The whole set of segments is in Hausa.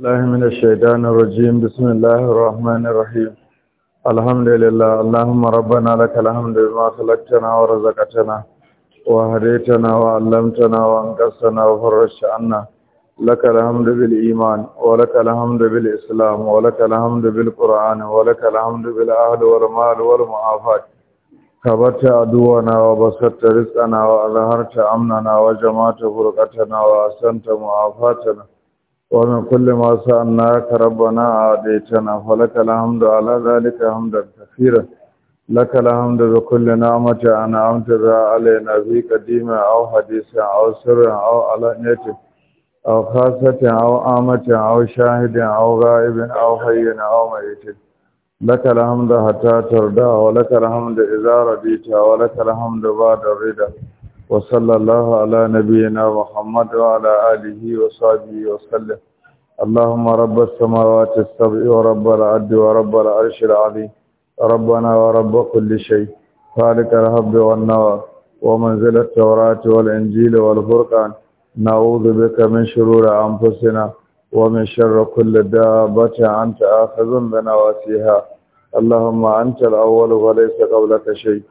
الله من الشيطان الرجيم بسم الله الرحمن الرحيم الحمد لله اللهم ربنا لك الحمد بما خلقتنا ورزقتنا وهديتنا وعلمتنا وانقصنا وفرجت عنا لك الحمد بالإيمان ولك الحمد بالإسلام ولك الحمد بالقرآن ولك الحمد بالأهل والمال والمعافات كبرت عدونا وبسطت رزقنا وأظهرت أمننا وجمعت فرقتنا وأحسنت معافاتنا ومن كل ما سألناك ربنا عاديتنا فلك الحمد على ذلك حمدا كثيرا لك الحمد بكل نعمة أنعمت بها علينا في قديم أو حديث أو سر أو علانية أو خاصة أو عامة أو شاهد أو غائب أو حي أو ميت لك الحمد حتى ترضى ولك الحمد إذا رضيت ولك الحمد بعد الرضا وصلى الله على نبينا محمد وعلى آله وصحبه وسلم اللهم رب السماوات السبع ورب العد ورب العرش العظيم ربنا ورب كل شيء خالق الحب والنوى ومنزل التوراة والإنجيل والفرقان نعوذ بك من شرور أنفسنا ومن شر كل دابة أنت آخذ بنواسيها اللهم أنت الأول وليس قبلك شيء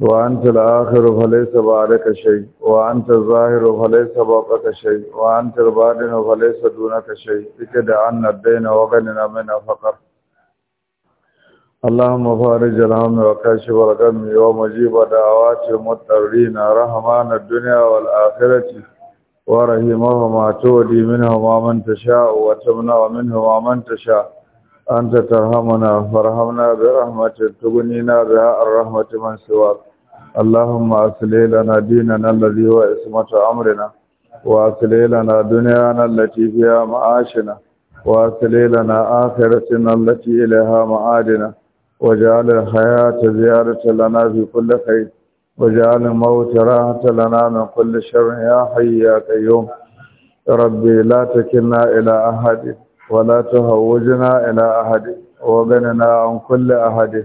وأنت الآخر فليس بعدك شيء وأنت الظاهر فليس فوقك شيء وأنت الباطن فليس دونك شيء اكد عنا الدين وغننا من فقر اللهم فارج الهم وكاشف الغم ومجيب دعوات المضطرين رحمان الدنيا والآخرة ورحمهما تودي منهما من تشاء وتمنع منهما من تشاء أنت ترحمنا فارحمنا برحمتك تغنينا بها الرحمة من سواك اللهم أصلح لنا ديننا الذي هو عصمة أمرنا وأصلح لنا دنيانا التي فيها معاشنا وأصلح لنا آخرتنا التي إليها معادنا وجعل الحياة زيارة لنا في كل خير وجعل الموت راحة لنا من كل شر يا حي يا قيوم ربي لا تكلنا إلى أحد ولا تهوجنا إلى أحد وغننا عن كل أحد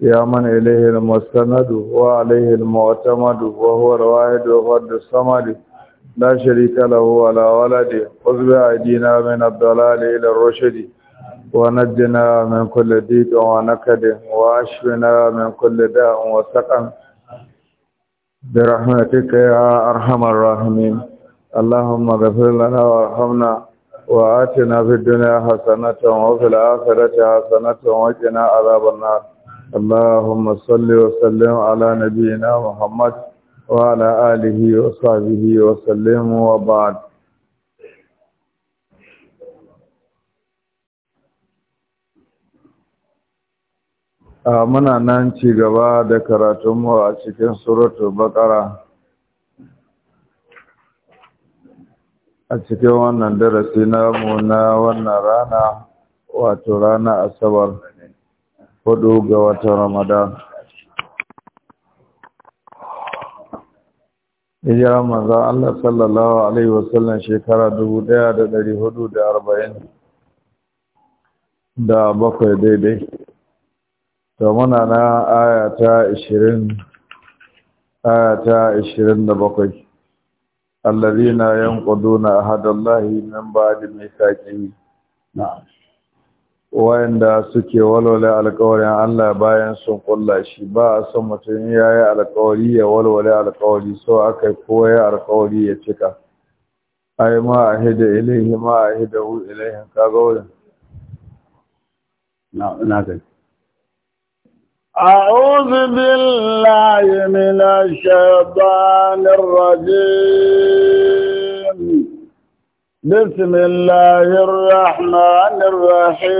يا من إليه المستند وعليه المعتمد وهو الواحد وغد الصمد لا شريك له ولا ولد خذ بأيدينا من الضلال إلى الرشد ونجنا من كل ديد ونكد وأشفنا من كل داء وسقم برحمتك يا أرحم الراحمين اللهم اغفر لنا وارحمنا وآتنا في الدنيا حسنة وفي الآخرة حسنة وقنا عذاب النار اللهم صل وسلم على نبينا محمد وعلى آله وصحبه وسلم وبعد muna nan ci gaba da karatunmu a cikin suratul baqara a cikin wannan darasi namu na wannan rana wato rana asabar hudu ga watan ramadan hijira manzan allah sallallahu alaihi wasallam shekara dubu daya da dari hudu da arba'in da bakwai daidai to muna na aya ta ishirin aya ta ishirin da bakwai الذين ينقضون عهد الله من بعد ميثاقه نعم wayanda suke walwale alƙawarin Allah bayan sun kulla shi ba a son mutum ya yi alƙawari ya walwale alƙawari so aka ko ya alƙawari ya cika ai ma a hida ilaihi ma a hida hu ilaihin kaga wurin na na gani أعوذ بالله من الشيطان الرجيم بسم الله الرحمن الرحيم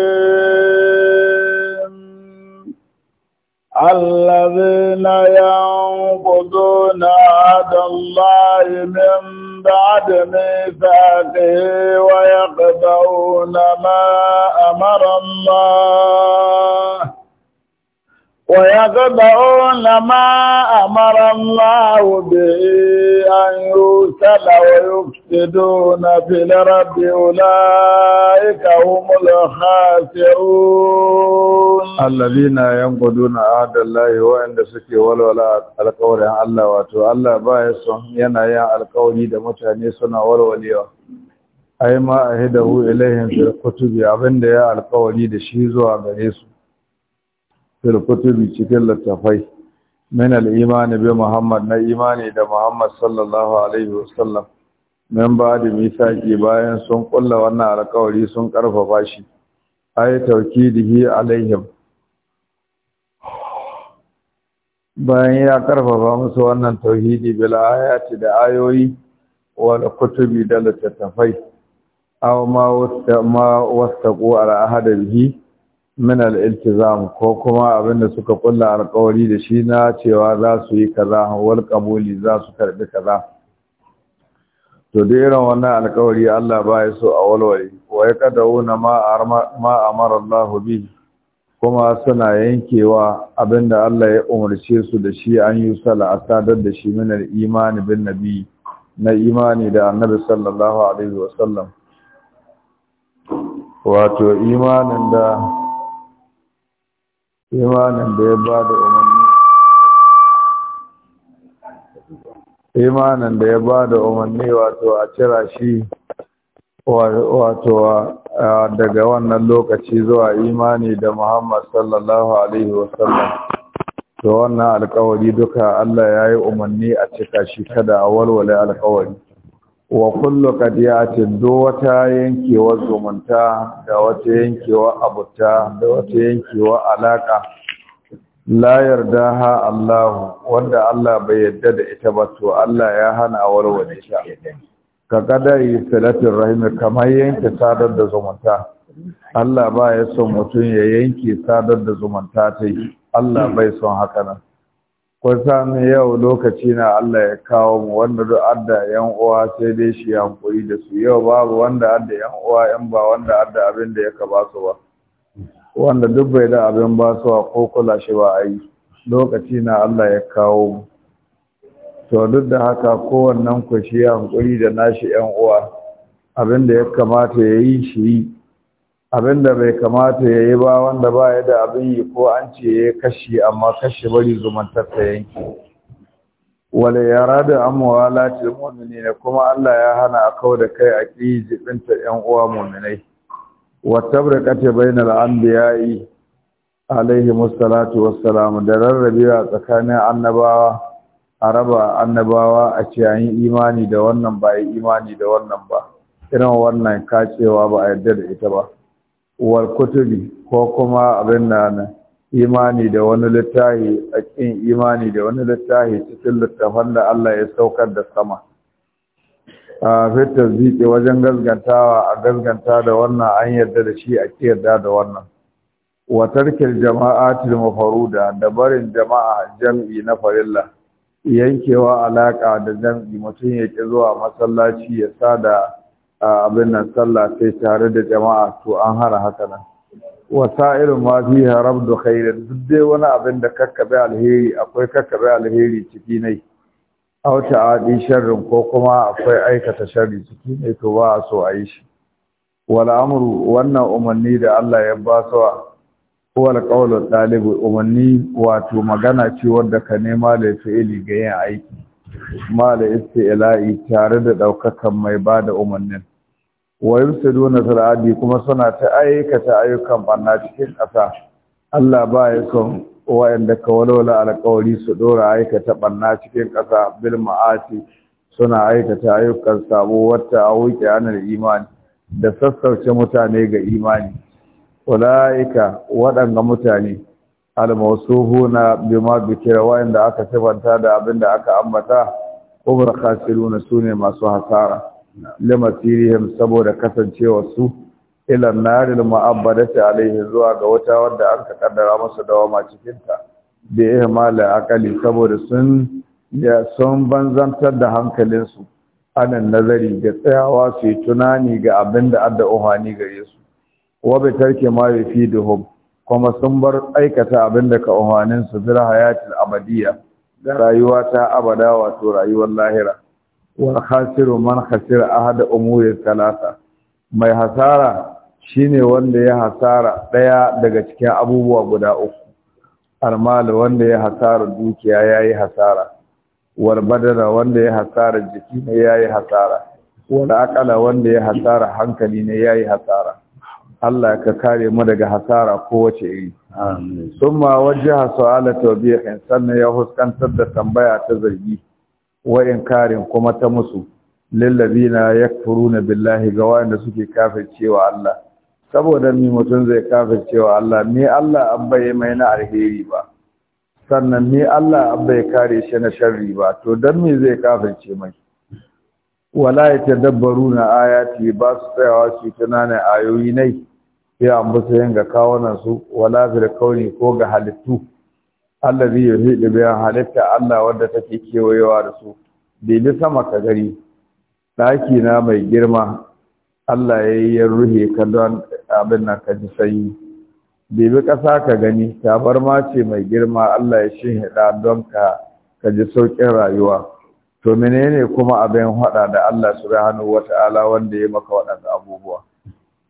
الذين ينقضون عهد الله من بعد ميثاقه ويقضون ما أمر الله ويقضعون ما أمر الله به أن يرسل ويفسدون في الأرض أولئك هم الخاسرون الذين ينقضون عهد الله وعند سكي والولاء القول عن الله واتو الله بايسهم ينايا القول دا متعني سنة والوليوه أي ما أهده إليهم في الكتب عبند يا القول إذا شيزوا عبد يسو fil bi cikin littafai min al'imani bi Muhammad na imani da Muhammad sallallahu alaihi wasallam min ba da misaki bayan sun kulla wannan alƙawari sun karfafa shi ay tawkidihi alaihim bayan ya karfafa musu wannan tauhidi bil ayati da ayoyi wal kutubi da littattafai aw ma wasta ma wastaqu al bihi min al ko kuma abinda suka kulla alƙawari da shi na cewa za su yi kaza wal qabuli za su karbi kaza to da irin wannan alƙawari Allah ba ya so a walwale wa yaqaduna ma ma amara Allah bi kuma suna yankewa abinda Allah ya umarce su da shi an yi sala sadar da shi min imani bin nabi na imani da annabi sallallahu alaihi wasallam wato imanin da imanin da ya ba da umarni wato a cira shi wato daga wannan lokaci zuwa imani da Muhammad sallallahu alaihi wasallam to wannan alkawari duka Allah ya yi umarni a cika shi kada a walwale alkawari wa kullu qadiyatin do wata yankewa zumunta da wata yankewa abuta da wata yankewa alaka la yarda, ha Allah wanda Allah bai yarda da ita ba to Allah ya hana warware shi ka kadari salatin rahim kamar yanke sadar da zumunta Allah ba ya son mutum ya yanke sadar da zumunta ta Allah bai son haka nan Kusa san yau lokaci na Allah ya kawo mu wanda duk adda yan uwa sai dai shi ya koyi da su yau babu wanda adda yan uwa yan ba wanda adda abin da ya ba su ba wanda duk bai da abin ba su ko kula shi ba a yi lokaci na Allah ya kawo mu to duk da haka kowannen ku shi ya koyi da nashi yan uwa abin da ya kamata ya yi shi Abin da bai kamata ya yi ba wanda ba ya da abin yi ko an ce ya kashe amma kashe bari zumantar ta yanki wale yara da amuwa lati mu'mini ne kuma Allah ya hana a kawo da kai a ƙi jibinta ‘yan uwa muminai. wata burkata ya anbiya'i alaihi musallatu wassalamu da a tsakanin annabawa a raba annabawa a ce an yi imani da wannan ba yi imani da wannan ba irin wannan kacewa ba a yarda da ita ba wal kutubi ko kuma abin da nan imani da wani littafi a kin imani da wani littafi cikin littafan da Allah ya saukar da sama a fitar zike wajen gazgantawa a gazganta da wannan an yarda da shi a yarda da wannan wa tarkil jama'atil mafaruda da barin jama'a jam'i na farilla yankewa alaka da jam'i mutum ya yake zuwa masallaci ya sada abin nan sallah sai tare da jama'a to an hara haka nan wasa'ir ma fiha rabdu khairin duk dai wani abin da kakkabe alheri akwai kakkabe alheri ciki ne aw ta'adi sharrin ko kuma akwai aikata sharri ciki ne to ba a so a yi shi wal amru wannan umarni da Allah ya ba su wal qawlu talib umarni wato magana ce wanda ka nema da fi'ili ga yin aiki mala da ila'i tare da ɗaukakan mai bada da umarnin wa yursiduna fil kuma suna ta aikata ayyukan banna cikin ƙasa Allah ba ya son wa'anda ka walwala alƙawari su dora aikata banna cikin ƙasa bil ma'ati suna aikata ayyukan sabo wata a wuce anar imani da sassauce mutane ga imani ulaika waɗanga mutane al-mawsuhuna bima dhikra wa'inda aka sabanta da abinda aka ambata ubra khasiruna sune masu hasara lima sirihim saboda kasancewa su ila naril mu'abbadati alaihi zuwa ga wata wadda aka kaddara masa dawama cikin ta bi ihmal akali saboda sun ya sun banzantar da su. anan nazari da tsayawa su tunani ga abinda adda uhani gare su wa bi tarki ma yafiduhum kuma sun bar aikata abin da ka umarnin su zira hayatul abadiyya Da rayuwa ta abada wato rayuwar lahira wa khasiru man khasira ahad umuri talata mai hasara shine wanda ya hasara daya daga cikin abubuwa guda uku almal wanda ya hasara dukiya yayi hasara war badara wanda ya hasara jiki ne yayi hasara wal akala wanda ya hasara hankali ne yayi hasara Allah ka kare mu daga hasara kowace iri summa wajaha su'ala tawbihin sannan ya huskantar da tambaya ta zargi wa karin kuma ta musu lallabi furu na billahi ga da suke kafircewa Allah saboda mi mutum zai kafircewa Allah ni Allah an baye mai na alheri ba sannan ni Allah an bai kare shi na sharri ba to dan me zai kafirce mai wala ya ta dabbaru na ayati ba su tsayawa su tunanin ayoyi nai an ambata yin ga kawunan su wala da kauni ko ga halittu Allah yi da bayan halitta Allah wadda take kewayewa da su bi sama ka gari daki na mai girma Allah ya yi ruhe ka abin nan ka ji sanyi bibi ƙasa ka gani tabarma ce mai girma Allah ya shi hida don ka ka ji sauƙin rayuwa to menene kuma aɓen waɗaɗa allah subhanahu wa ta'ala wande yemaka waɗaɗa abubuwa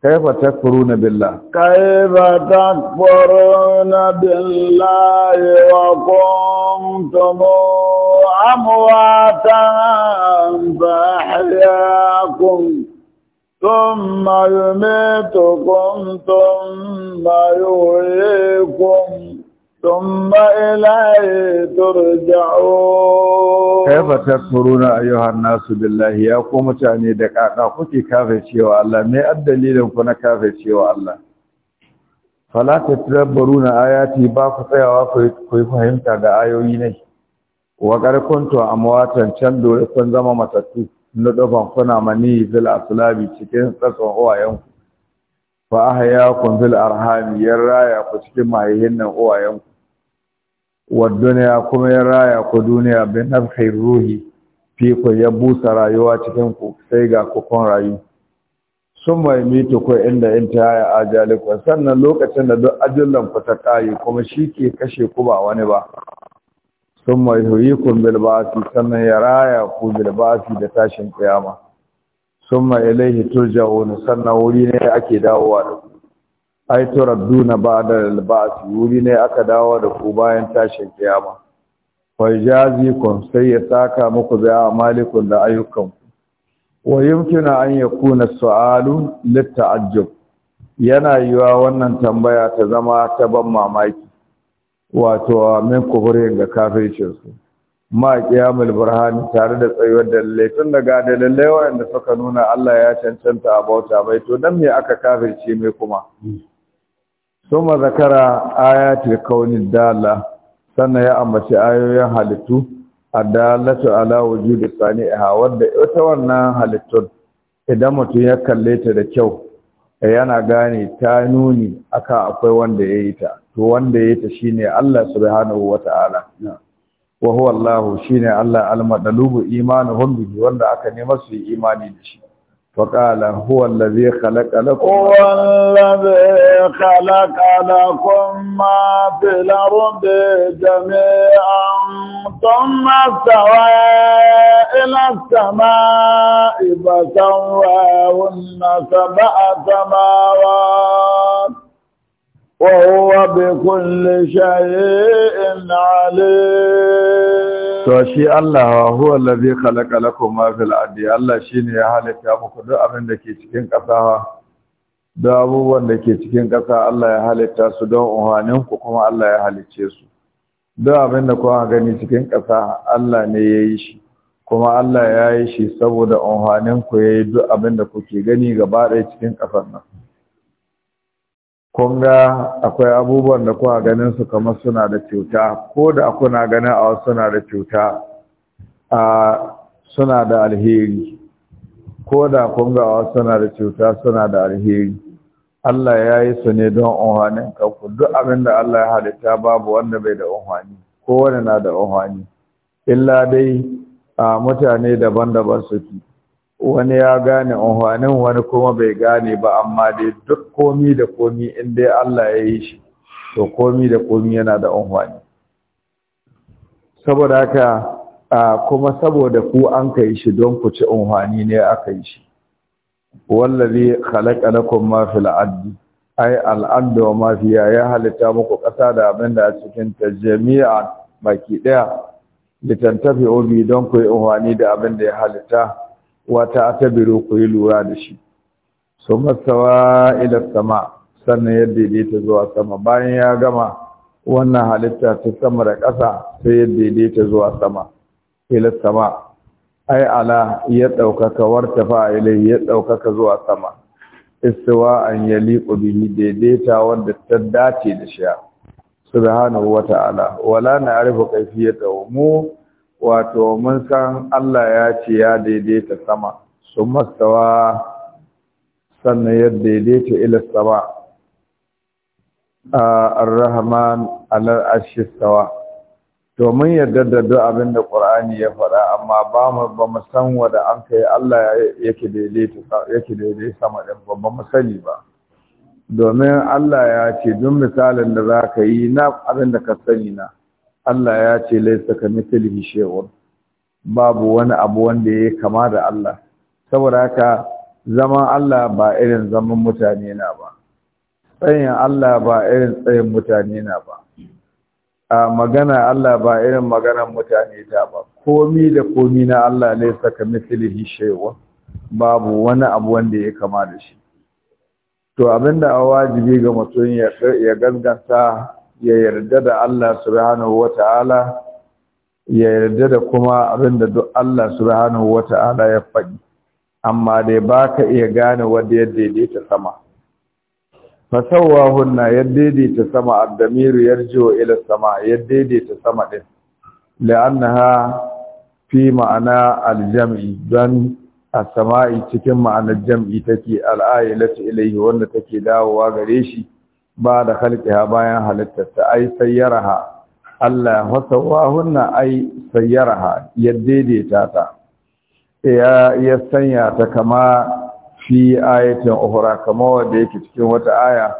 kayfa takfuruna billah kayfa takfuruna billahi wa kuntumu amwatan faahyakum thumma yumitukum thumma yuhyikum ثم إليه ترجعون كيف تكفرون أيها الناس بالله يا قوم تاني دقاقا كوكي كافر شيوا الله ما الدليل كنا كافر شيوا الله فلا تتدبرون آياتي باكو تيوا كوي فهمتا دا آيوي ني وقد كنتم أمواتا شندو لكن زما متتو ندفع كنا مني في الأصلاب cikin tsatson هو يوم فأحياكم fil arham yaraya ku cikin mahihin nan uwayenku wa ya kuma ya raya ku duniya bin nafhir ruhi fi ya busa rayuwa cikin ku sai ga ku kon rayu sun mai mito ku inda in ta haya ajaliku sannan lokacin da duk ajullan ku ta kai kuma shi ke kashe ku ba wani ba sun mai huyi ku basi sannan ya raya ku basi da tashin kiyama sun mai ilaihi turja'un sannan wuri ne ake dawowa da ku ai na ba'da al-ba'th wuri ne aka dawo da ku bayan tashin kiyama fa kun sai ya saka muku da amalikun da ayyukan ku. wa yumkina an yakuna su'alu litta'ajjub yana yiwa wannan tambaya ta zama ta ban mamaki wato min kufurin ga kafircin su ma kiyamul burhan tare da tsayuwar dalilai tun daga dalilai waɗanda suka nuna Allah ya cancanta a bauta mai to dan me aka kafirce mai kuma ثم ذكر آيات الكون الدالة sannan ya ambaci ayoyin halittu adalatu ala wujudi sani'iha wanda ita wannan halittun idan mutum ya kalle ta da kyau yana gane ta nuni aka akwai wanda ya yi ta to wanda ya yi ta shine Allah subhanahu wata'ala wa huwa Allah shine Allah al-madalubu imanuhum bihi wanda aka nema su imani da shi وقال هو الذي خلق لكم هو الذي خلق لكم ما في الأرض جميعا ثم استوى إلى السماء فسواهن سبع سماوات وهو بكل شيء عليم so shi Allah huwa allazi khalaqa lakum ma fil ardi Allah shine ya halitta muku duk abin da ke cikin ƙasa da abubuwan da ke cikin ƙasa Allah ya halitta su don uhanin ku kuma Allah ya halicce su duk abin da kuma gani cikin ƙasa Allah ne ya yi shi kuma Allah ya yi shi saboda uhanin ku yayi duk abin da kuke gani gaba ɗaya cikin ƙasar nan kun ga akwai abubuwan da kuwa ganin su kamar suna da cuta ko da kuna ganin a wasu suna da cuta a suna da alheri ko da kun ga a wasu suna da cuta suna da alheri Allah ya yi su ne don unhwanin kanku duk abin da Allah ya halitta babu wanda bai da unhani ko wani na da unhani illa dai a mutane daban-daban suke wani ya gane unhwanin wani kuma bai gane ba amma dai duk komi da komi in dai Allah ya yi shi to komi da komi yana da unhwani saboda haka kuma saboda ku an kai shi don ku ci unhwani ne aka yi shi wallazi khalaqa lakum ma fil ardi ay al ardi wa ma fiha ya halitta muku kasa da abin da a cikin ta jami'a baki daya litantafi obi don ku yi unhwani da abin da ya halitta wata atabiru ku yi lura da shi su masawa ila sama sannan ya daidaita zuwa sama bayan ya gama wannan halitta ta sama da ƙasa sai ya daidaita zuwa sama ila sama ai ala ya ɗaukaka wartafa ilai ya ɗaukaka zuwa sama istiwa an liƙo bihi daidaita wanda ta dace da shi subhanahu wata'ala wala na arifu kaifiyatahu mu wato mun san Allah ya ce ya daidaita sama sun mastawa sannan ya daidaita ila sama ar-rahman ala ashistawa to mun yarda da duk abin da Qur'ani ya faɗa amma ba mu ba mu san wanda an kai Allah yake daidaita yake daidaita sama din ba mu sani ba domin Allah ya ce duk misalin da zaka yi na abin da ka sani na Allah ya ce laisa kamithlihi shay'un babu wani abu wanda yake kama da Allah saboda haka zaman Allah ba irin zaman mutane na ba tsayin Allah ba irin tsayin mutane na ba a magana Allah ba irin maganar mutane ta ba komi da komi na Allah laisa kamithlihi shay'un babu wani abu wanda yake kama da shi to abinda a wajibi ga mutum ya gaskanta ya yarda da Allah subhanahu ta’ala ya yarda da kuma abinda duk Allah subhanahu ta'ala ya faɗi amma dai ka iya gane wanda ya daidaita sama hunna ya daidaita sama ya yarji'u ila sama ya daidaita sama ɗin. la’anna ha fi ma'ana aljam'i don a samai cikin ma'anar jam'i take al'ayilatu ilayhi wanda take dawowa gare shi ba da khalqiha bayan halittarta ai ha Allah ya hunna ai ha ya daidaita ta ya sanya ta kama fi ayatin uhura, kama wanda yake cikin wata aya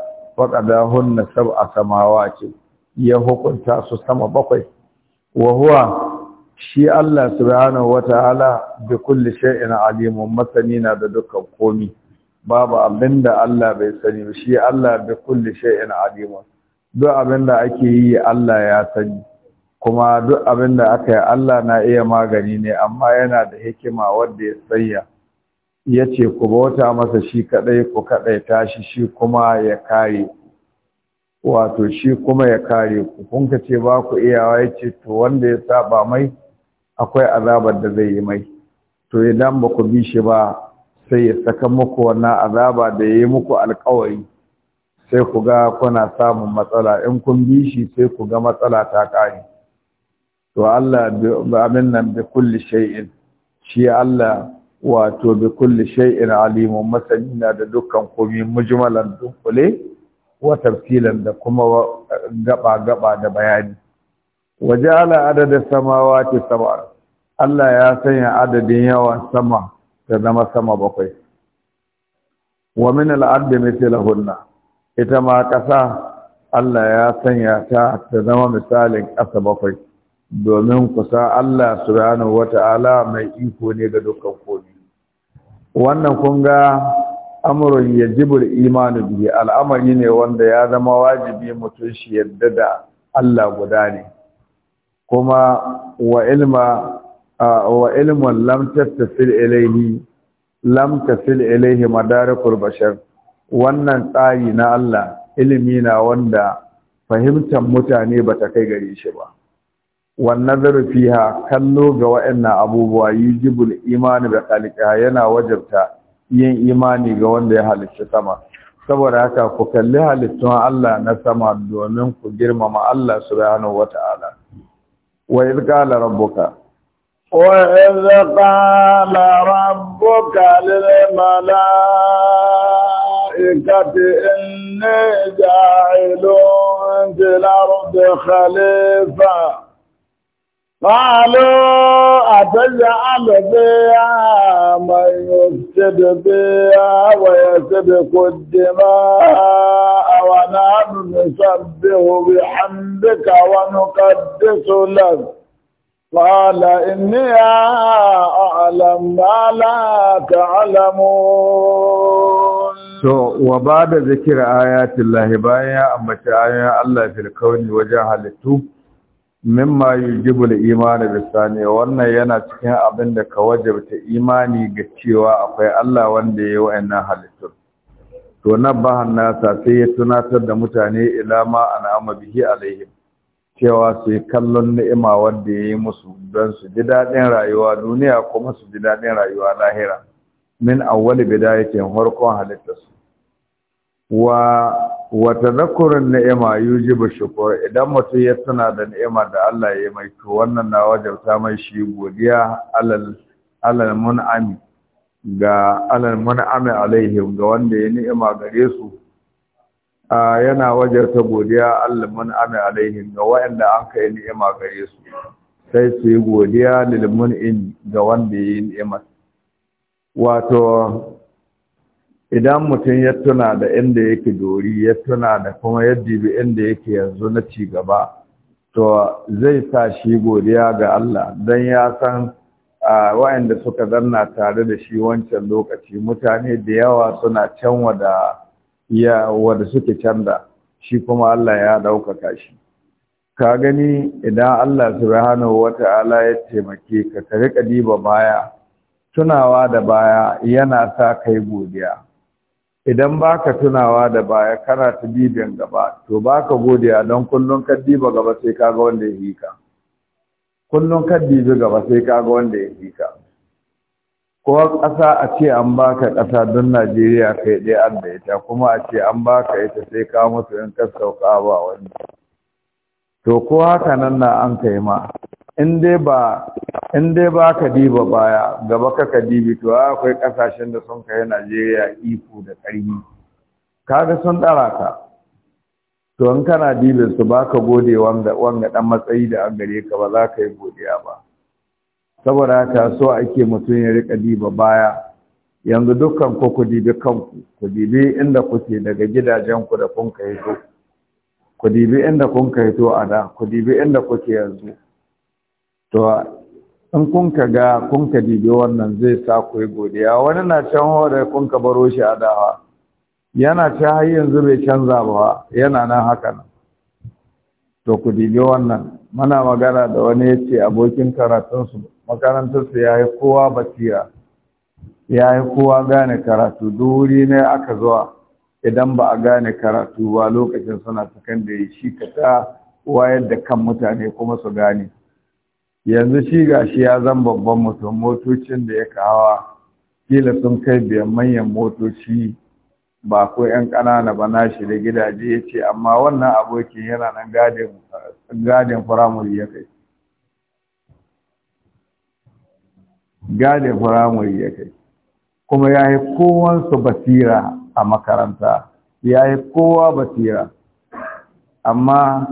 hunna sab'a samawati ya hukunta su sama bakwai wa shi Allah subhanahu wataala bi kulli shay'in alimun na da dukkan komi babu abinda Allah bai sani ba shi Allah bi kulli shay'in alim duk abinda ake yi Allah ya sani kuma duk abin da aka yi Allah na iya magani ne amma yana da hikima wanda ya tsaya yace ku bauta masa shi kadai ku kadai tashi shi kuma ya kare wato shi kuma ya kare ku kun ka ce ba ku iyawa yace to wanda ya saba mai akwai azabar da zai yi mai to idan ba ku bi shi ba sai ya saka muku wannan azaba da ya yi muku alkawari sai ku ga kuna samun matsala in kun bi shi sai ku ga matsala ta ƙare to Allah amin nan bi kulli shay'in shi Allah wato bi kulli shay'in alimun masani na da dukkan komi mujmalan dunkule wa tafsilan da kuma gaba gaba da bayani waja'ala adada samawati sab'a Allah ya sanya adadin yawan sama ta zama sama bakwai wa min al'adda mislahunna ita ma ƙasa Allah ya sanya ta ta zama misalin ƙasa bakwai domin kusa Allah subhanahu wata'ala mai iko ne ga dukkan komi wannan kun ga amurin yajibul imanu bihi al'amari ne wanda ya zama wajibi mutum shi yadda da Allah guda ne kuma wa ilma wa ilmun lam tattasil ilaihi lam tasil ilaihi madarikul bashar wannan tsari na Allah ilimi na wanda fahimtar mutane ba ta kai gare shi ba wannan fiha kallo ga wa'annan abubuwa yujibul imani da khaliqiha yana wajibta yin imani ga wanda ya halicci sama saboda haka ku kalli halittun Allah na sama domin ku girmama Allah subhanahu wata'ala wa idh qala rabbuka وإذ قال ربك للملائكة إني جاعل في الأرض خليفة قالوا أتجعل فيها من يفسد فيها ويسبق الدماء ونحن نسبه بحمدك ونقدس لك قال إني أعلم ما لا to wa bada zikir ayatin lahi bayan ya ambaci ayoyin Allah fil kauni wajen halittu mimma yujibu al-iman bisani wannan yana cikin abin da ka wajabta imani ga cewa akwai Allah wanda ya yi wa'annan halittu to nabbahan nasa sai ya tunatar da mutane ila ma an'ama bihi alaihim cewa su yi kallon ni'ima wanda ya yi musu don su ji daɗin rayuwa duniya kuma su ji daɗin rayuwa lahira min awwali bidayatin farkon halittarsu wa wa tadhakkurun ni'ima ba shukr idan mutum ya tuna da ni'ima da Allah ya mai to wannan na wajabta mai shi godiya alal alal ami ga alal ami alaihim ga wanda ya ni'ima gare su yana wajarta godiya Allah mun ana alaihi ga wa'anda an kai ni'ima gare su sai su yi godiya lil mun'in ga wanda yi ni'ima wato idan mutum ya tuna da inda yake dori ya tuna da kuma yadda bi inda yake yanzu na ci gaba to zai sa shi godiya ga Allah dan ya san wa'anda suka zanna tare da shi wancan lokaci mutane da yawa suna canwa da ya wanda suke canza shi kuma Allah ya ɗaukaka shi ka gani idan Allah subhanahu wata'ala ya taimake ka ka diba baya tunawa da baya yana sa kai godiya idan baka tunawa da baya kana ta bibin gaba to baka godiya don kullum ka diba gaba sai kaga wanda ya hika kullum ka dibi gaba sai kaga wanda ya hika ko ƙasa a ce an baka ƙasa don najeriya kai ɗaya an da ita kuma a ce an baka ita sai ka musu in ka sauka ba wani to ko haka nan na an kai ma in dai ba ka diba baya gaba ka ka dibi to akwai ƙasashen da sun kai najeriya iko da ƙarfi kaga sun ɗara ka to in kana dibin su baka gode wanga ɗan matsayi da an gare ka ba za ka yi godiya ba saboda haka so ake mutum ya rika diba baya yanzu dukkan ku ku dibi kanku ku dibi inda kuke daga gidajenku da kun ka hito ku dibi inda kun ka hito a da ku dibi inda kuke yanzu to in kun ka ga kun ka dibi wannan zai sa ku yi godiya wani na can hore kun ka baro shi a dawa yana can har yanzu bai canza ba yana nan haka nan to ku dibi wannan muna magana da wani ya ce abokin karatunsu su ya yi kowa basira ya yi kowa gane karatu wuri ne aka zuwa idan ba a gane karatu ba lokacin suna sakandare shi ka ta wayar da kan mutane kuma su gane yanzu shi ga shi ya zan babban mutum motocin da ya kawa kila sun kai biyan manyan motoci ba ko 'yan ƙanana ba na shi da gidaje ya ce amma wannan abokin yana nan gadin firamare ya kai gane firamare ya kai kuma ya yi kowansu basira a makaranta ya yi kowa basira amma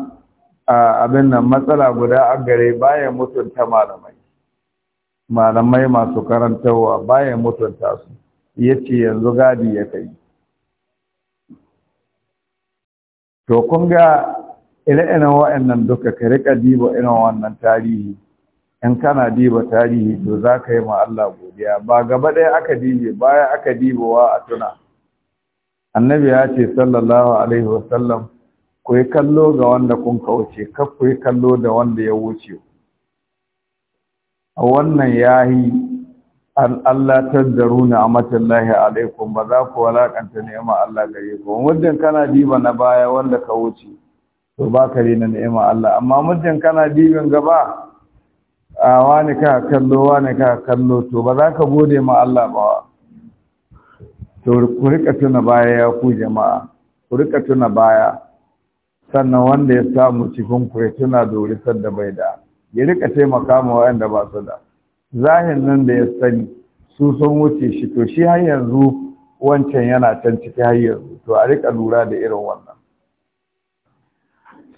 abin nan matsala guda a gare bayan mutunta malamai malamai masu karantarwa bayan mutunta su ya ce yanzu gadi ya kai to kun ga ire-iren wa'annan duka ka riƙa diba irin wannan tarihi in kana diba tarihi to za ka yi ma Allah godiya ba gaba ɗaya aka dibe baya aka dibowa a tuna annabi ya ce sallallahu alaihi wasallam ku yi kallo ga wanda kun kauce kar ku yi kallo da wanda ya wuce A wannan yahi Allah matan lahi alaikun ba za ku walakanta nema Allah gare ku muddin kana diba na baya wanda ka wuce to ba ka rena nema Allah amma muddin kana dibin gaba a wani ka kallo wani ka kallo to ba za ka gode ma Allah ba to ku rika tuna baya ya ku jama'a ku rika tuna baya sannan wanda ya samu cikin ku ya tuna da wuri da bai da ya rika taimaka ma wanda ba su da zahin nan da ya sani su sun wuce shi to shi har yanzu wancan yana can ciki har yanzu to a rika lura da irin wannan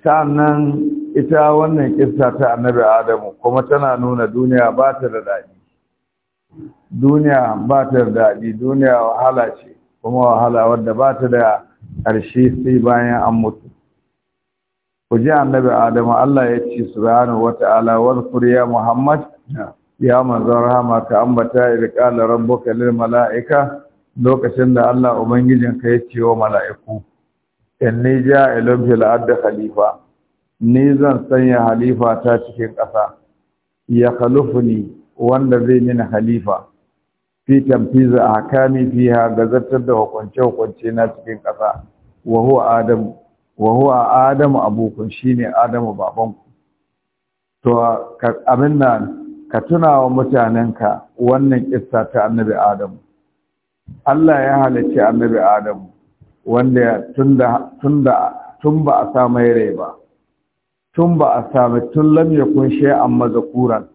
sannan ita wannan kissa ta annabi adamu kuma tana nuna duniya ba ta da daɗi duniya ba ta da daɗi duniya wahala ce kuma wahala wadda ba ta da ƙarshe sai bayan an mutu ku ji annabi adamu Allah ya ce subhanahu wata'ala alawar kuriya muhammad ya manzan rahama ka ambata irqala rabbuka lil mala'ika lokacin da Allah ubangijinka ya ce wa mala'iku inni ja'ilun fil da khalifa ni zan sanya halifa ta cikin ƙasa ya ni wanda zai mini halifa fi tamfiza kami fi ha gazartar da hukunce hukunce na cikin ƙasa wa huwa adam wa huwa adam shine adamu babanku to abin na ka tuna wa mutanenka wannan kissa ta annabi Adam. Allah ya halicci annabi Adam wanda tun ba a sa mai rai ba tun ba a sami tun lam ya kun maza kuran.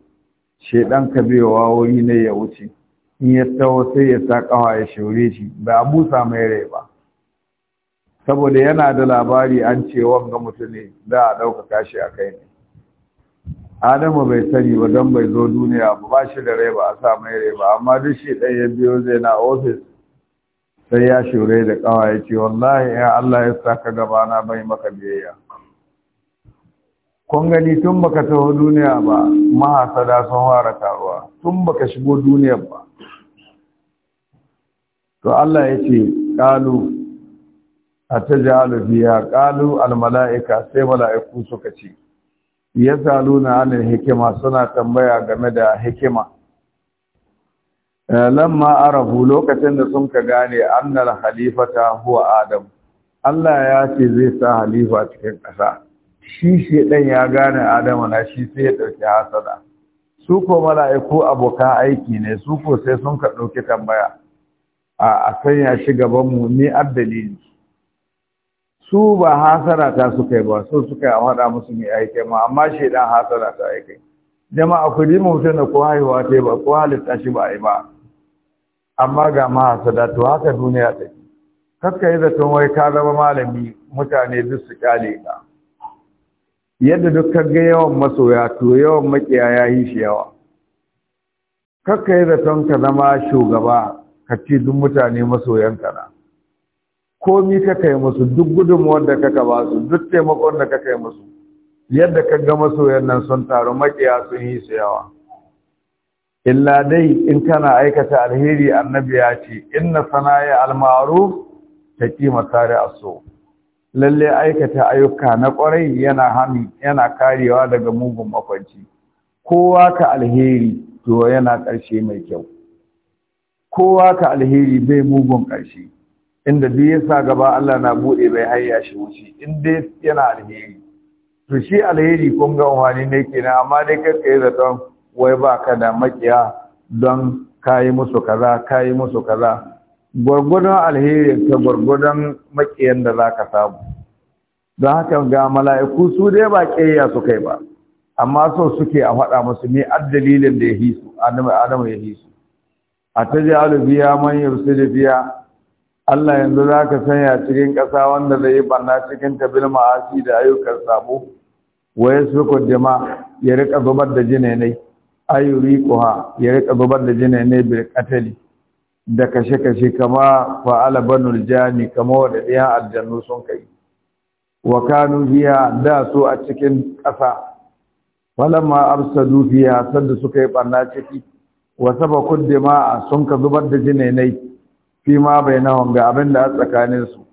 shedan ka wa wuri ne ya wuce in ya taho sai ya sa kawa ya shaure shi ba a busa mai rai ba saboda yana da labari an ce wanga mutum ne za a ɗaukaka shi a kai ne adamu bai sani ba don bai zo duniya ba ba shi da rai ba a sa mai rai ba amma duk shi ɗan ya biyo zai na ofis sai ya shure da ƙawa ya ce wallahi ya Allah ya saka gabana bai maka biyayya kun gani tun baka taho duniya ba mahasada sun fara taruwa tun baka shigo duniya ba to Allah ya ce kalu a ta ji alufiya ƙalu almala'ika sai mala'iku suka ce ya na anin hikima suna tambaya game da hikima lamma arahu lokacin da sun ka gane annal halifata huwa adam Allah ya ce zai sa halifa cikin ƙasa shi ɗan ya gane Adama na shi sai ya ɗauki hasada su ko mala'iku abokan aiki ne su ko sai sun ka dauki tambaya a sanya shi gaban mu ni addalili su ba hasara ta suka yi ba so suka yi a waɗa musu mai aike ma amma ɗan hasara ta aike jama'a ku ji mutum na ko haihuwa ta ba ko halitta shi ba a yi ba amma ga mahasada to haka duniya ta take kakka yi zaton wai ka zama malami mutane duk su kyale ka yadda duk ka ga yawan masoya to yawan makiya ya yi shi yawa kakka yi zaton ka zama shugaba ka ce duk mutane masoyanka na komi ka kai musu duk gudunmuwar da kaka ba su duk taimakon da ka kai musu yadda ka ga masoyan nan sun taru makiya sun yi su yawa illa dai in kana aikata alheri annabi ya ce inna sana'a al-ma'ruf ki masari as-su' lalle aikata ayyuka na ƙwarai yana hami yana karewa daga mugun mafarki kowa ka alheri to yana ƙarshe mai kyau kowa ka alheri bai mugun ƙarshe inda duk ya sa gaba Allah na buɗe bai hayya shi wuce in dai yana alheri to shi alheri kun ga wani ne kenan amma dai kakka yi zaton wai ba ka da makiya don kayi musu kaza kayi musu kaza gwargwadon alheri ta gwargwadon makiyan da za ka samu don haka ga mala'iku su dai ba ƙiyayya su kai ba amma so suke a faɗa musu ne a dalilin da ya hisu adamu ya hisu a ta ji alubiya man da biya Allah yanzu za ka sanya cikin ƙasa wanda zai yi banna cikin tabil ma'asi da ayyukan sabo waye suku jima ya rika zubar da jinenai ayyuri kuwa ya rika zubar da jinenai bil da kashe-kashe kama fa'ala banul jani kama wadda ɗayan aljannu sun kai wa kanu biya da su a cikin ƙasa falamma absadu fiya sanda suka yi ɓarna ciki wa saba a sun ka zubar da jinenai fi ma bai na ga abin da a tsakanin su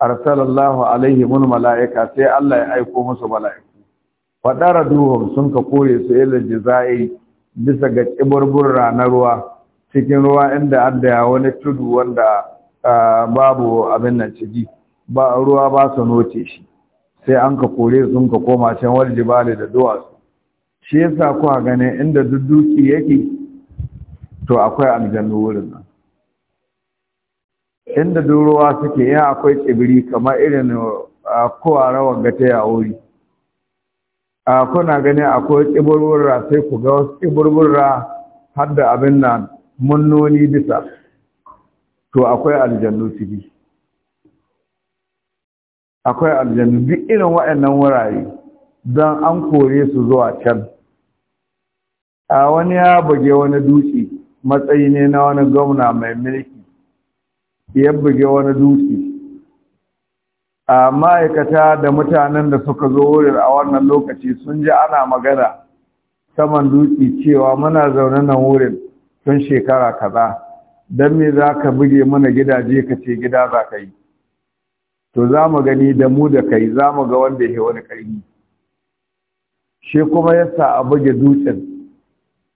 arsalallahu alaihi mun mala'ika sai Allah ya aiko musu mala'iku faɗara duhun sun ka kore su ila jiza'i bisa ga kiburbur ranar ruwa cikin ruwa inda adda wani tudu wanda babu abin nan ciki ba ruwa ba su noce shi sai an ka kore sun ka koma can wal jibali da duwatsu shi yasa kuka ganin inda dudduki yake to akwai aljannu wurin nan inda durowa suke yin akwai tsibiri kamar irin kowa rawan ga ta yawuri a kuna gani akwai tsibirwurra sai ku ga wasu tsibirwurra har da abin nan munnoni bisa to akwai aljannu ciki akwai aljannu duk irin waɗannan wurare don an kore su zuwa can a wani ya buge wani dutse matsayi ne na wani gwamna mai mulki ya buge wani dutse a ma'aikata da mutanen da suka zo wurin a wannan lokaci sun ji ana magana saman dutse cewa muna zaune nan wurin tun shekara kaza don me za ka buge mana gidaje ka ce gida za ka yi to za mu gani da mu da kai za mu ga wanda ya wani ƙarfi shi kuma sa a buge dutsen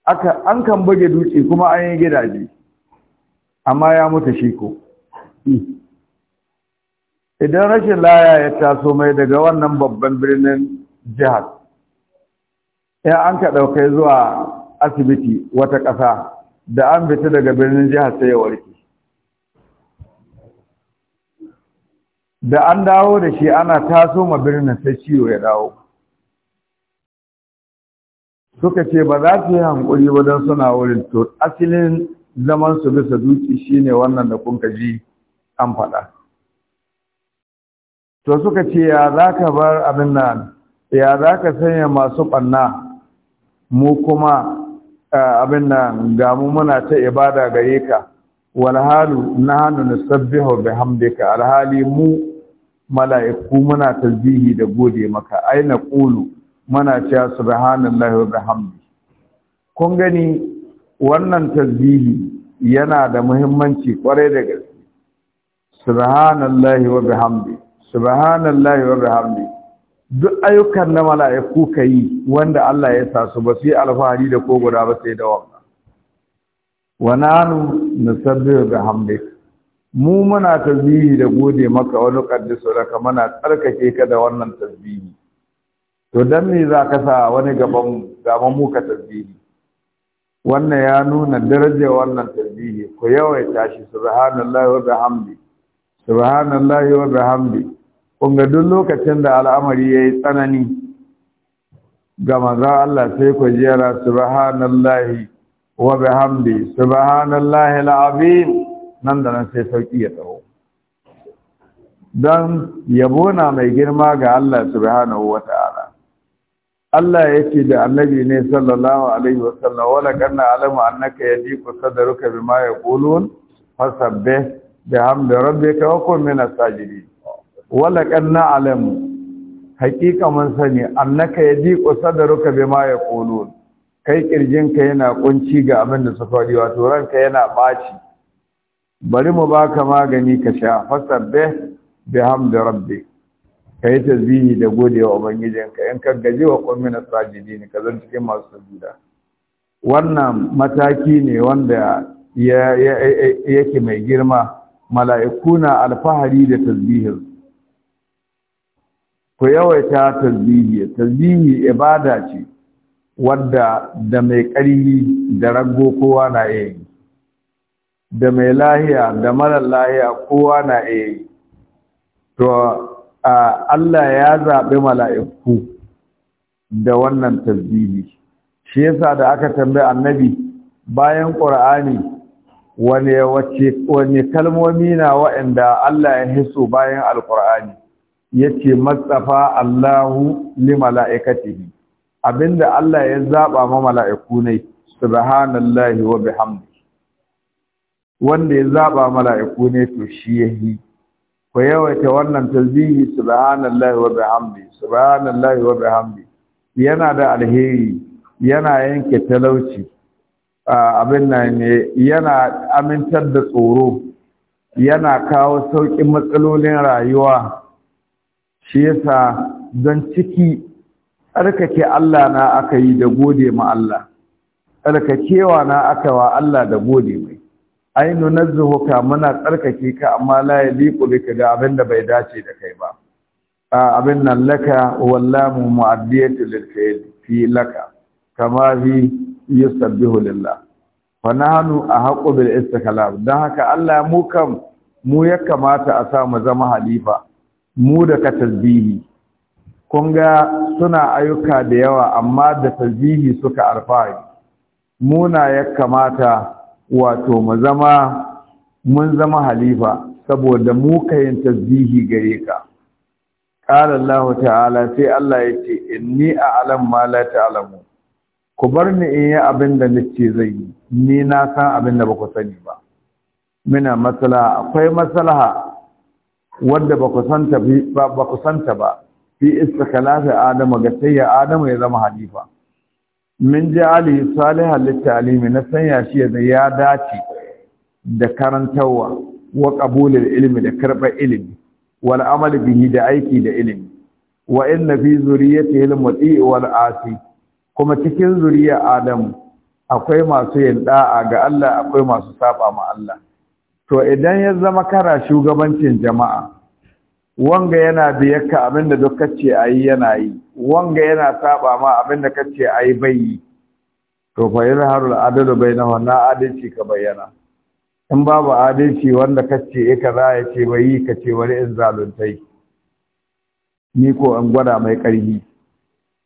an kan buge dutse kuma an yi gidaje amma ya mutu shi ko idan rashin laya ya taso mai daga wannan babban birnin jihar ya an ka ɗaukai zuwa asibiti wata ƙasa da an fita daga birnin jihar sai ya warke da an dawo da shi ana taso ma birnin sai ciwo ya dawo suka ce ba za su yi hankuri ba don suna wurin to asilin zaman su bisa duki shine wannan da kun ji an faɗa to suka ce ya za ka bar abin nan ya za ka sanya masu ɓanna mu kuma abin nan gamu muna ta ibada gare ka walhalu nahnu nusabbihu bihamdika alhali mu mala'iku muna tasbihi da gode maka aina qulu muna cewa subhanallahi wa bihamdi kun gani wannan tasbihi yana da muhimmanci kwarai da gaske subhanallahi wa bihamdi subhanallahi wa bihamdi duk ayyukan na mala'iku ka yi wanda Allah ya sa su ba su yi alfahari da ko guda ba sai da na wananu da hamdai, mu muna tasbihi da gode maka wani kaddisu raka muna tsarkake ka da wannan tasbihi to dan me za ka sa wani gaban gaban mu ka tasbihi wannan ya nuna daraja wannan tasbihi ku yawaita shi subhanallahi wa bihamdi subhanallahi wa bihamdi Kunga duk lokacin da al'amari ya yi tsanani ga maza Allah sai ku jera subhanallahi wa bihamdi subhanallahi al'azim nan da nan sai sauki ya tsawo don yabo na mai girma ga Allah subhanahu wa ta'ala Allah ya ce da annabi ne sallallahu alaihi wa sallam. wala kanna alamu annaka yadiku sadruka bima yaqulun fasabbih bihamdi rabbika wa kun minas sajidin wala na alam hakika mun sani annaka yadiqu sadruka bima yaqulun kai ka yana kunci ga abin da suka faɗi wato ranka yana baci bari mu baka magani ka sha bi hamd rabbi kai tasbihi da godewa ubangijinka in ka gaji wa qul sajidin ka zan cikin masu sujuda wannan mataki ne wanda yake mai girma Malaikuna alfahari da tasbihinsu ku yawaita tasbihi tasbihi ibada ce wadda da mai ƙarfi da rago kowa na iya yi da mai lahiya da marar lahiya kowa na iya yi to Allah ya zaɓi mala'iku da wannan tasbihi shi yasa da aka tambayi annabi bayan ƙur'ani wane kalmomi na waɗanda Allah ya hiso bayan alƙur'ani yace matsafa Allahu li mala'ikatihi abinda Allah ya zaba ma mala'iku ne subhanallahi wa bihamdi wanda ya zaba mala'iku ne to shi yahi ku yawaita wannan tasbihi subhanallahi wa bihamdi subhanallahi wa bihamdi yana da alheri yana yanke talauci abin nan ne yana amintar da tsoro yana kawo sauƙin matsalolin rayuwa shi yasa don ciki tsarkake Allah na aka yi da gode ma Allah tsarkakewa na aka wa Allah da gode mai ainu nazzuhuka muna tsarkake ka amma la yaliqu bika da abin da bai dace da kai ba abin nan laka wallahu mu'addiyatu lil fi laka kama fi yusabbihu lillah fa nahnu ahqqu bil istikhlaf dan haka Allah mu kam mu ya kamata a sa mu zama halifa mu da ka tasbihi kun ga suna ayyuka da yawa amma da tasbihi suka alfahari muna ya kamata wato mu zama mun zama halifa saboda mu yin tasbihi gare ka qala Allah ta'ala sai Allah yace inni a'lam ma la ta'lamu ku bar ni in yi abin da nace zai yi ni na san abin da ba ku sani ba muna masala akwai maslaha wadda ba ku santa ba fi iska ba fi adama ga sayya adama ya zama halifa min salih halitta litalimi na sanya shi da ya dace da karantawa wa da ilimi da karbar ilimi wal amal bihi da aiki da ilimi wa inna fi zuriyatihi al wal asi kuma cikin zuriya Adamu, akwai masu yin da'a ga Allah akwai masu saba ma Allah to idan ya zama kara shugabancin jama'a wanga yana biyakka abinda duk kace ayi yana yi wanga yana saba ma abinda kace ayi bai yi to fa yadharul adalu bainahu na adalci ka bayyana in babu adalci wanda kace ya eh kaza ya ce bai yi kace wani in zaluntai ni ko an gwada mai ƙarfi.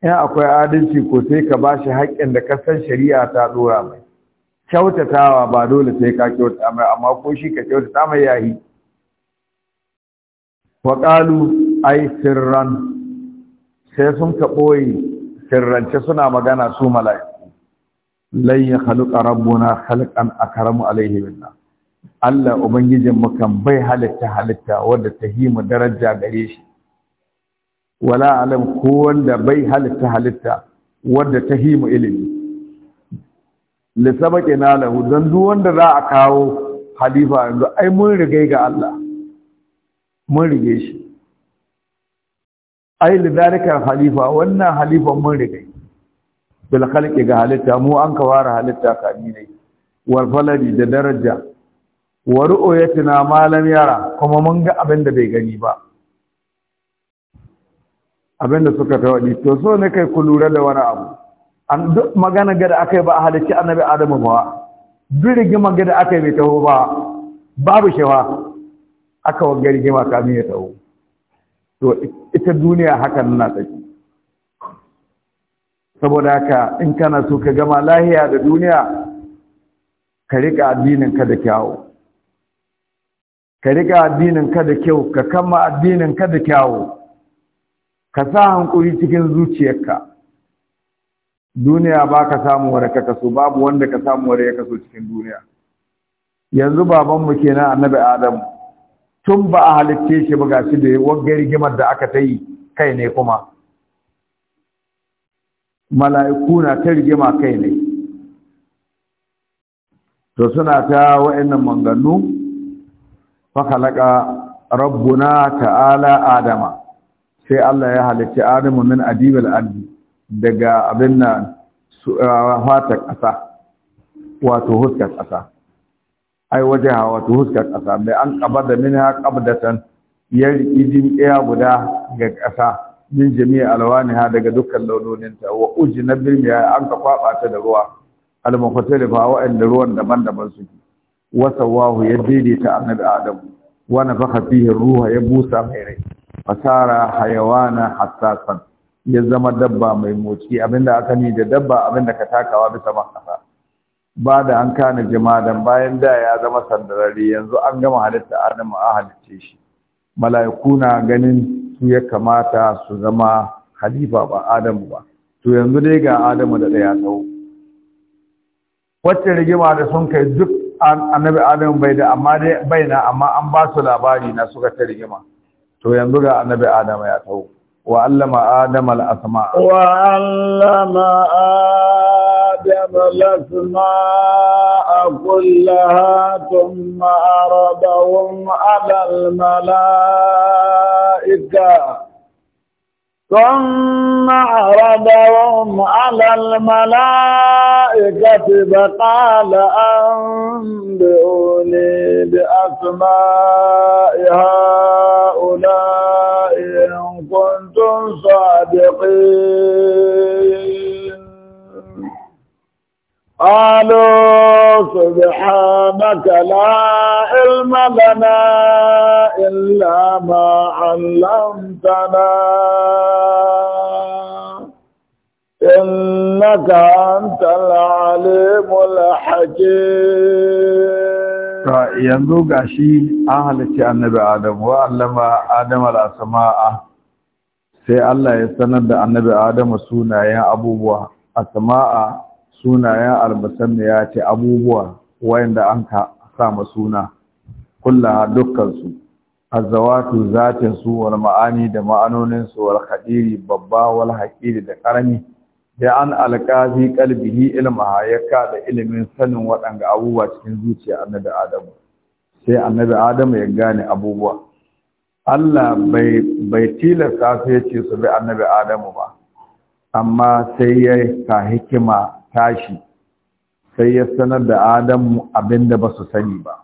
in akwai adalci ko sai ka bashi haƙƙin da ka san shari'a ta dora mai kyautatawa ba dole sai ka kyauta mai amma ko shi ka kyautata mai yahi. wa qalu ay sirran sai sun ka boye sirrance suna magana su mala'iku ya khaluqa rabbuna khalqan akramu alaihi minna Allah ubangijin mu kan bai halitta halitta wanda ta himu daraja gare shi wala alam ko wanda bai halitta halitta wanda ta himu ilimi Lissabake na lahu dan duk wanda za a kawo halifa yanzu ai mun rigai ga Allah mun rige shi ai lidalika halifa wannan halifan mun rigai bil khalqi ga halitta mu an ka ware halitta kami ne wal faladi da daraja wa ru'yatina ma lam yara kuma mun ga abin da bai gani ba abin da suka tawadi to so ne kai ku lura da wani abu an duk magana gada da aka ba a halicci annabi adamu ba duk rigima ga da aka bai taho ba babu shewa aka gari rigima ka ya taho to ita duniya hakan na tafi. saboda haka in kana so ka gama lahiya da duniya ka rika ka da kyawu ka rika ka da kyau ka kama addinin ka da kyawu ka sa hankuri cikin zuciyarka duniya ba ka samu wanda ka kaso babu wanda ka samu wanda ya kaso cikin duniya yanzu babanmu kenan annabi adam tun ba a halicce shi ba gashi da wagga rigimar da aka ta yi kai ne kuma mala'iku na ta rigima kai ne to suna ta wa'annan manganu fa khalaqa rabbuna ta'ala adama sai Allah ya halicci adamu min adibil ardi daga abin nan fatar ƙasa wato huskar ƙasa ai waje ha wato huskar ƙasa mai an ƙaba da mini ha ƙabdatan ya riƙi iya guda ga ƙasa min jami'a alwani ha daga dukkan launoninta wa uji na birniya an ka kwaɓa ta da ruwa almukhtalif in da ruwan daban-daban su wasa wahu ya daidaita annabi adam wa nafakha fihi ruha ya busa mai rai fasara hayawana hassasan ya zama dabba mai motsi abinda aka ni da dabba abinda ka takawa bisa makasa ba da an kana jamadan bayan da ya zama sandarari yanzu an gama halitta adamu a halitta shi mala'iku na ganin su ya kamata su zama halifa ba adamu ba to yanzu dai ga adamu da daya ta'u. wacce rigima da sun kai duk annabi adamu bai da amma dai baina amma an ba su labari na suka ta rigima to yanzu ga annabi adamu ya ta'u. وعلم آدم الأسماء وعلم آدم الأسماء كلها ثم عرضهم على الملائكة ثم عرضهم على الملائكة فقال أنبئوني بأسماء هؤلاء كنتم صادقين قالوا سبحانك لا علم لنا إلا ما علمتنا إنك أنت العليم الحكيم yanzu gashi an halicci annabi Adam wa allama Adam al-asma'a sai Allah ya sanar da annabi Adamu sunayen abubuwa a sama'a sunayen albasan da ya ce abubuwa wayanda an ka ma suna kulla dukkansu azawatu zatin su wal ma'ani da ma'anonin su wal khadiri babba wal haqiri da karami da an alqazi qalbihi ilmaha hayaka da ilimin sanin wadanga abubuwa cikin zuciya annabi Adamu sai annabi Adamu ya gane abubuwa Allah bai tilasta su ya ce su bi annabi Adamu ba, amma sai ya ka hikima tashi, sai ya sanar da Adamu abinda ba su sani ba.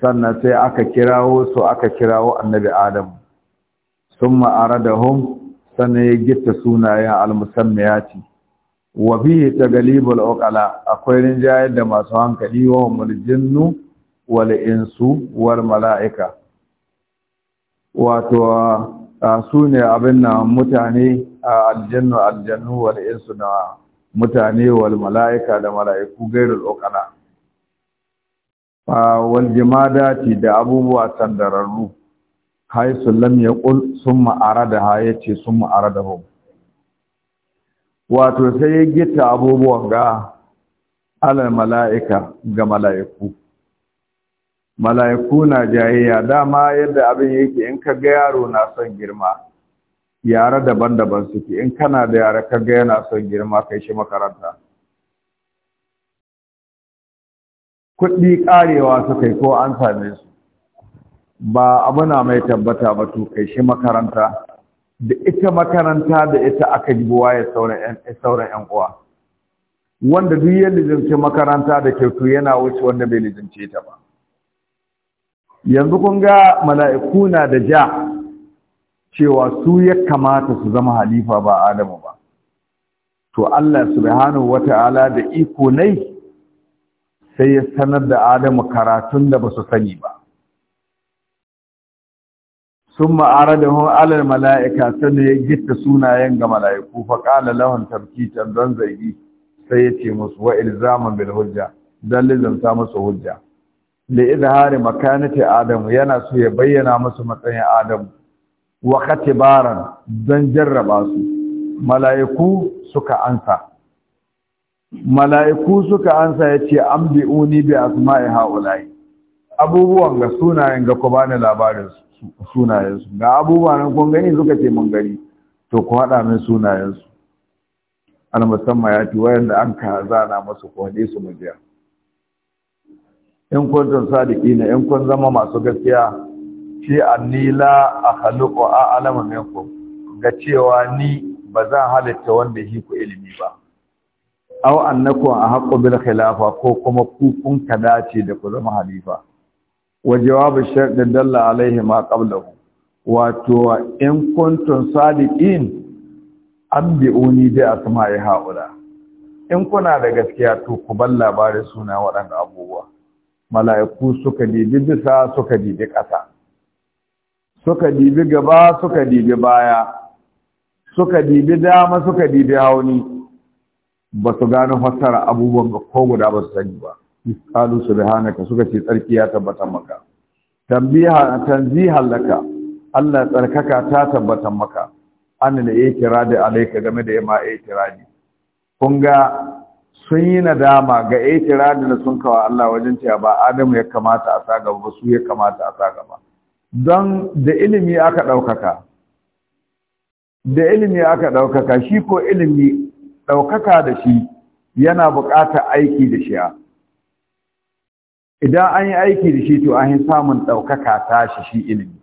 Sannan sai aka kirawo su aka kirawo annabi Adamu, sun ma'ara da hun sannan ya gita sunayen ce. Wa bihi ta galibul okala akwai rinjayar da masu hankali wa muljinnu wal insu wal mala'ika. wato su ne abin na mutane a aljannu aljannu wal insu na mutane wal mala'ika da mala'iku gairul okana wal jimadati da abubuwa sandararru haisu lam ya su sun ma'ara da aradahum wato sai ya gita abubuwan ga alal mala'ika ga mala'iku mala'iku na jayayya dama yadda abin yake in ka ga yaro na son girma yare daban-daban suke in kana da yare ka ga yana son girma kai shi makaranta kuɗi ƙarewa su kai ko an same su ba na mai tabbata ba to kai shi makaranta da ita makaranta da ita aka ji buwa ya sauran ‘yan uwa wanda duk ya lizinci makaranta da kyautu yana wuce wanda bai lizince ta ba yanzu kun ga mala'iku na da ja cewa su ya kamata su zama halifa ba Adamu ba to Allah subhanahu wata'ala da iko nai sai ya sanar da Adamu karatun da ba su sani ba sun da hun alal mala'ika sannan ya gita sunayen ga mala'iku fa qala lahum tabkitan dan sai ya ce musu wa ilzaman bil hujja don lizanta musu hujja da izhari makanati adamu yana so ya bayyana musu matsayin adamu wa katibaran don jarraba su mala'iku suka ansa mala'iku suka ansa yace ambiuni bi asma'i ha'ula'i abubuwan ga sunayen ga ku bani labarin sunayen su ga abubuwan kun gani suka ce mun gani to ku hada min su. al musamma ya ce wayanda an ka zana masu ko haɗe su mu biya in sadiki na in kun zama masu gaskiya shi annila a alama minkum ga cewa ni ba zan halitta wanda shi ku ilimi ba aw a ahqqu bil khilafa ko kuma ku kun dace da ku zama halifa wa jawabu da dalla alaihi ma qablahu wato in kuntum sadiqin anbi'uni bi asma'i haula in kuna da gaskiya to ku bar labarin suna waɗanda abubuwa mala'iku suka dibi bisa suka dibi ƙasa suka dibi gaba suka dibi baya suka dibi dama suka dibi hauni ba su gano fassara abubuwan ko guda ba su sani ba qalu subhanaka suka ce tsarki ya tabbata maka tanbiha tanzihan laka Allah tsarkaka ta tabbata maka an da kira alaika game da yama yake kun ga sun yi nadama ga itiradi da sun kawo Allah wajen cewa ba Adamu ya kamata a sa gaba ba su ya kamata a sa gaba don da ilimi aka ɗaukaka da ilimi aka ɗaukaka shi ko ilimi ɗaukaka da shi yana buƙatar aiki da shi idan an yi aiki da shi to an yi samun ɗaukaka ta shi shi ilimi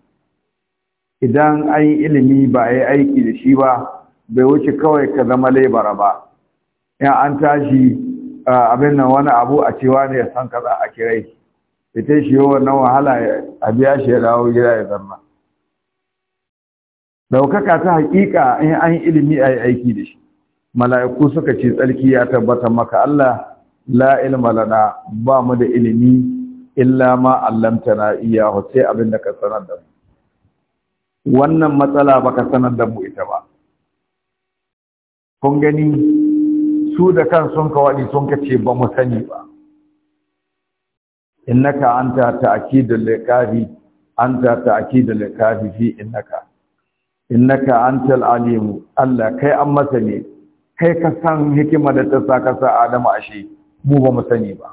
idan an yi ilimi ba a yi aiki da shi ba bai wuce kawai ka zama laibara ba in an tashi abin nan wani abu a cewa ne ya san kaza a kirai ita shi yau wannan wahala a biya shi ya dawo gida ya zama Ɗaukaka ta hakika in an yi ilimi a aiki da shi mala'iku suka ce tsarki ya tabbata maka Allah la ilma lana ba mu da ilimi illa ma na iya sai abin da ka sanar da mu wannan matsala baka sanar da mu ita ba kun gani su da kan sun ka waɗi sun ka ce ba mu sani ba innaka anta ta'kidul liqafi anta ta'kidul liqafi fi innaka innaka antal alim Allah kai an masani kai ka san hikima da ta saka sa Adamu ashe mu ba mu sani ba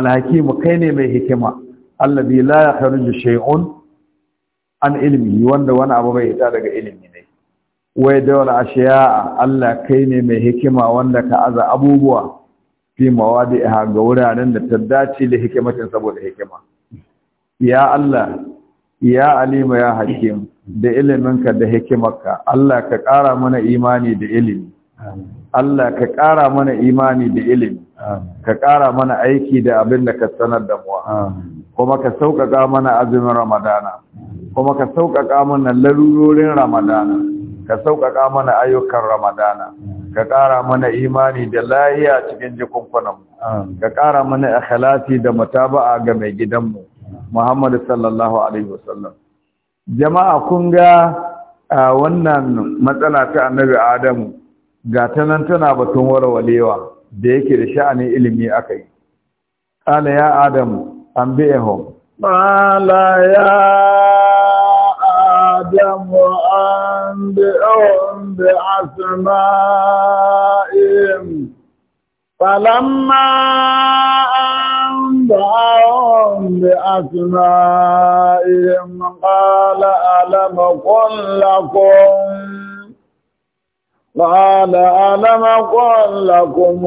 alhakimu kai ne mai hikima alladhi la yakhruju shay'un an ilmi wanda wani abu bai hita daga ilimi ne wai dawal ashiya Allah kai ne mai hikima wanda ka aza abubuwa fi a ga wuraren da ta dace da hikimacin saboda hikima ya Allah ya alima ya hakim da iliminka da hikimarka Allah ka ƙara mana imani da ilimi Allah ka ƙara mana imani da ilimi ka ƙara mana aiki da abin da ka sanar da mu kuma ka sauƙaƙa mana azumin ramadana kuma ka sauƙaƙa mana larurorin ramadana ka sauƙaƙa mana ayyukan ramadana ka ƙara mana imani da lahiya cikin jikunkunanmu ka ƙara mana ikhlasi da mutaba'a ga mai gidanmu Muhammad sallallahu alaihi wasallam jama'a kun ga a wannan matsala ta annabi Adamu ga ta nan tana batun warwalewa da yake da sha'anin ilimi akai qala ya adamu an qala ya آدم وأنبئهم بأسمائهم فلما أنبأهم بأسمائهم قال ألم قل لكم قال ألم قل لكم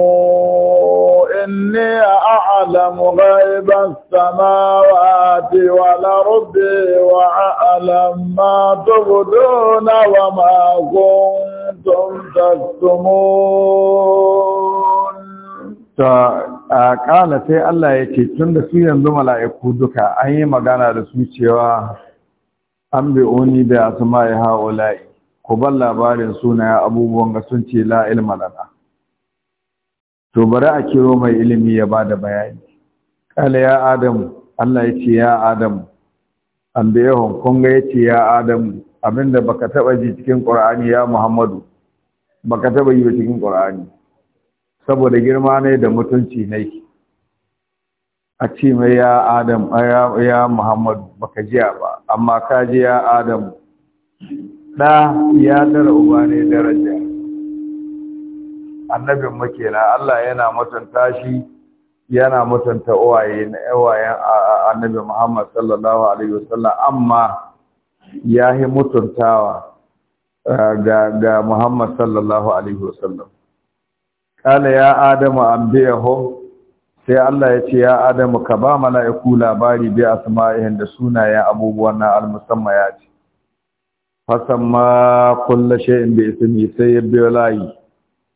إني أعلم غيب السماوات والأرض وأعلم ما تبدون وما كنتم تكتمون kana sai Allah yake tun da su yanzu mala'iku duka an yi magana da su cewa an bi oni da asma'i ha'ula'i ku bar labarin suna abubuwan ga sun ce la ilma lana to bari a kiro mai ilimi ya ba da bayani kala ya adamu Allah ya ce ya adamu an da yahon kunga ya ce ya adamu abinda baka taba ji cikin qur'ani ya muhammadu baka taba yi cikin qur'ani saboda girma ne da mutunci ne a ce mai ya adam ya muhammadu baka jiya ba amma ka ji ya adam ɗa ya dara uba ne daraja annabin muke na, Allah yana mutunta shi yana mutunta uwaye na uwayen annabi Muhammad sallallahu alaihi wasallam amma yahi mutuntawa ga ga Muhammad sallallahu alaihi wasallam kala ya adamu ho, sai Allah ya ce ya Adamu ka ba mala'iku labari bi asma'ihin da sunayen abubuwan na al-musamma ya ce fasamma kullu shay'in bi ismi sai ya biyo layi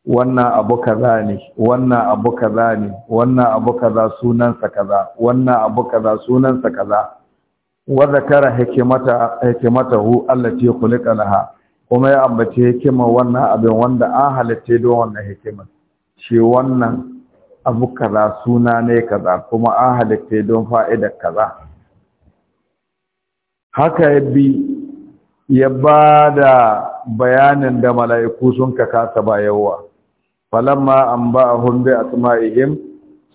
wannan abu kaza ne wannan abu kaza ne wannan abu kaza sunansa kaza wannan abu kaza sunansa kaza wa zakara hikimata hikimatahu allati khuliqa laha kuma ya ambace hikima wannan abin wanda an halitta don wannan hikima shi wannan abu kaza suna ne kaza kuma an halitta don fa'ida kaza haka ya bi ya ba da bayanin da mala'iku sun ka kasa bayarwa falamma anba'ahum bi asma'ihim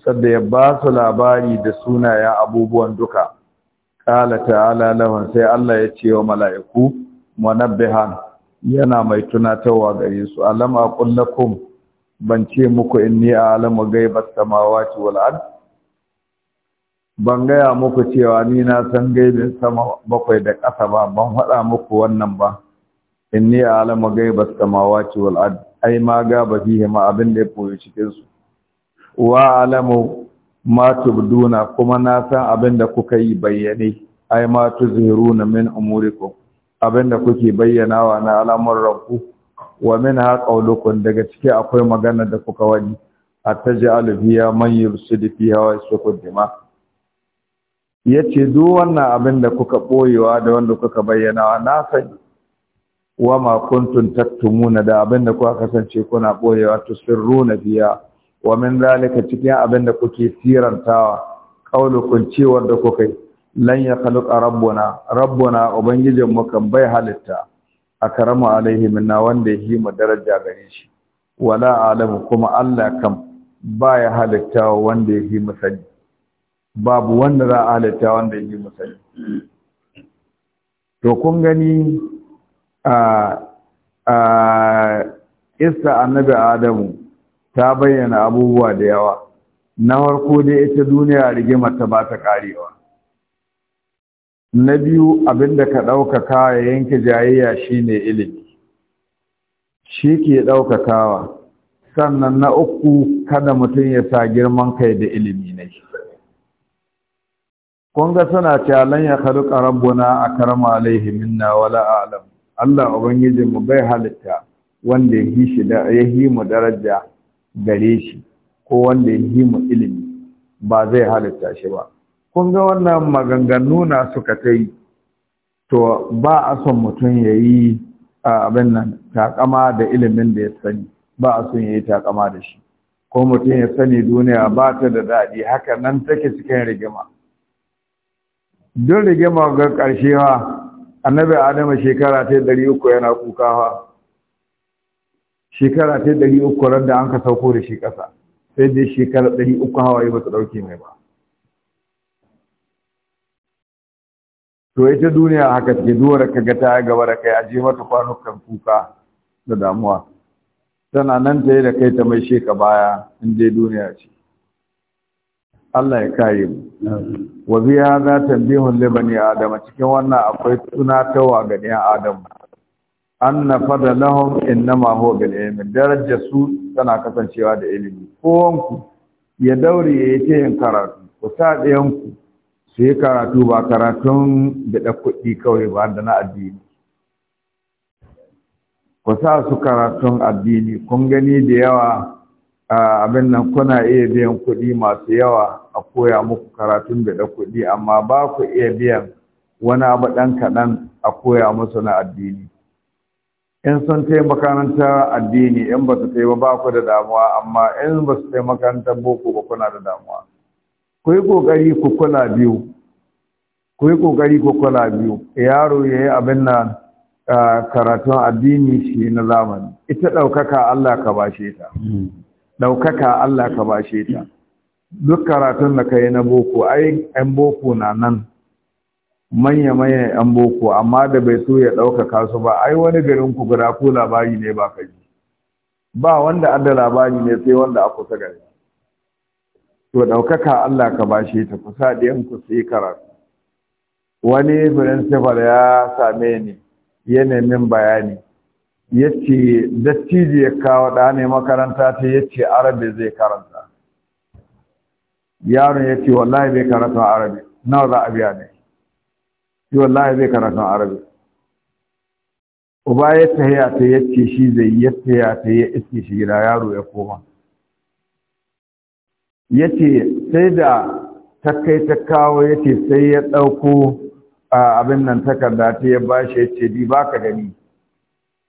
sadda ya ba su labari da sunaya abubuwan duka qala ta'ala lahum sai Allah ya ce wa mala'iku munabbihan yana mai tunatarwa gare su alam aqul lakum ban ce muku inni a'lamu ghaibas samawati wal ard ban gaya muku cewa ni na san gaibin sama bakwai da ƙasa ba ban haɗa muku wannan ba inni a'lamu ghaibas samawati wal ard ai ma ga bafihi ma abin da ya koyo cikinsu. su wa alamu ma tubduna kuma na san abin da kuka yi bayyane ai ma tuzhiruna min umuriku abin da kuke bayyanawa na al'amuranku wa min ha qaulukum daga ciki akwai magana da kuka wani ataj'alu fiha man yursidu fiha wa yasfiku dima yace duk wannan abin da kuka boyewa da wanda kuka bayyanawa na sani. wa ma kuntum taktumuna da abinda kuka kasance kuna boyewa na biya wa min zalika cikin abinda kuke sirantawa qaulukun cewar da kuka lan ya khalaqa rabbuna rabbuna ubangijin mu kan bai halitta akramu alaihi minna wanda yi mu daraja gare shi wala alamu kuma Allah kam baya halitta wanda yi mu sani babu wanda za a halitta wanda yi mu sani to kun gani Isa annabi Adamu ta bayyana abubuwa da yawa, na farko dai ita duniya ta ba ta karewa. Na biyu abinda ka ɗaukaka ya yanke jayayya shine ilimi, shi ke ɗaukakawa, sannan na uku kada mutum ya sa girman kai da ilimi shi. Kun ga suna calan ya ƙarar buna a karama alaihi minna wala alam. Allah mu bai halitta wanda ya yi mu daraja gare shi ko wanda ya yi mu ilimi ba zai halitta shi ba kun ga wannan maganganu na suka ta yi to ba a son mutum ya yi abin nan takama da ilimin da ya sani ba a son ya yi takama da shi ko mutum ya sani duniya ba ta da daɗi haka nan take cikin rigima don rigima ga ƙarshewa annabi adama shekara ta ɗari uku yana kukawa shekara ta ɗari uku ran da an ka sauko da shi ƙasa sai dai shekara ɗari uku hawaye ba bata ɗauke mai ba to ita duniya haka take duwar ka ga ta gaba da kai ajiye mata kwanukan kuka da damuwa tana nan ta yi da kai ta mai sheka baya in dai duniya ce Allah ya kayi mu wa biya za tambihun li bani adama cikin wannan akwai tunatarwa ga ɗan adam anna fadalahum innama huwa bil ilm daraja su tana kasancewa da ilimi kowanku ya daure ya yi yin karatu ku sa ɗayan ku su yi karatu ba karatun da kuɗi kawai ba da na addini ku sa su karatun addini kun gani da yawa abin nan kuna iya biyan kuɗi masu yawa a koya muku karatun da kuɗi amma ba ku iya biyan wani abu ɗan kaɗan a koya musu na addini in sun nan ta addini in ba su taimaka ba ku da damuwa amma in ba su nan ta boko ba kuna da damuwa ku yi ƙoƙari ku kula biyu ku yi ƙoƙari ku kula biyu yaro ya yi abin nan karatun addini shi na zamani ita ɗaukaka Allah ka bashe ta. Hmm. ɗaukaka Allah ka bashe ta duk karatun da ka yi na boko ai ‘yan boko na nan manya-manyan ‘yan boko amma da bai so ya ɗaukaka su ba ai wani garin ku guda ko labari ne ba ka ji ba wanda da labari ne sai wanda a kusa gari to ɗaukaka Allah ka bashe ta ku sa ku su yi karatu wani principal ya same ni yanayin bayani yace dattijo ya kawo ɗa ne makaranta ta yace arabi zai karanta yaron yace wallahi zai karanta arabi nawa za a biya ne shi wallahi zai karanta arabi uba ya tahiya ta yace shi zai ya tahiya ta ya iske shi gida yaro ya koma yace sai da ta kai ta kawo yace sai ya dauko abin nan takarda ta ya bashi yace di baka gani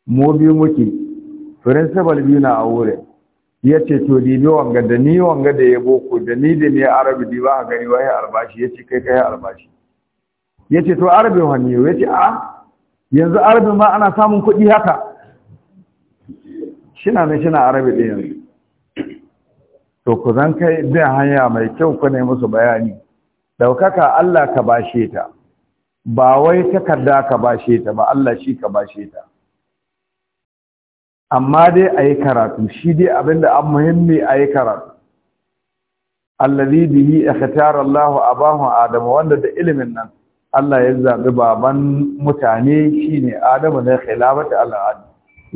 mu biyu muke principal biyu na a wurin ya ce to dibi wanga da ni wanga da ya boko da ni da ne arabi di ba gani ya albashi ya ce kai kai albashi ya ce to arabin wani ya ce a yanzu arabin ma ana samun kuɗi haka shina ne shina arabi ɗin yanzu to ku zan kai bin hanya mai kyau ku ne musu bayani daukaka Allah ka bashe ta ba wai takarda ka bashe ta ba Allah shi ka bashe ta amma dai a yi karatu shi dai abinda an muhimmi a yi karatu allazi bihi ikhtara Allahu abahu Adamu wanda da ilimin nan Allah ya zabi baban mutane shine Adamu ne khilafati Allah adi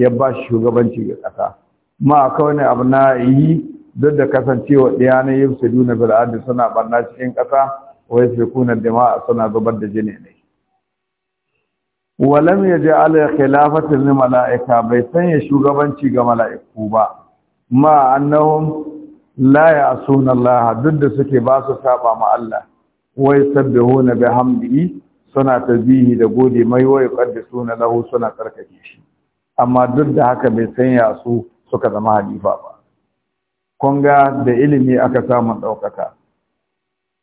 ya ba shi shugabanci ga kasa ma kawai abna yi duk da kasancewa ɗaya ne yusuduna bil adi suna barna cikin ƙasa? kasa wa yasfikuna dima'a suna zubar da jini ne walam ya ji ala khilafatin mala'ika bai sanya shugabanci ga mala'iku ba ma laya a sunan Laha, duk da suke ba su saba ma Allah wai sabbihuna bihamdihi suna tasbihi da gode mai wai suna lahu suna tsarkake shi amma duk da haka bai sanya su suka zama halifa ba kun da ilimi aka samu ɗaukaka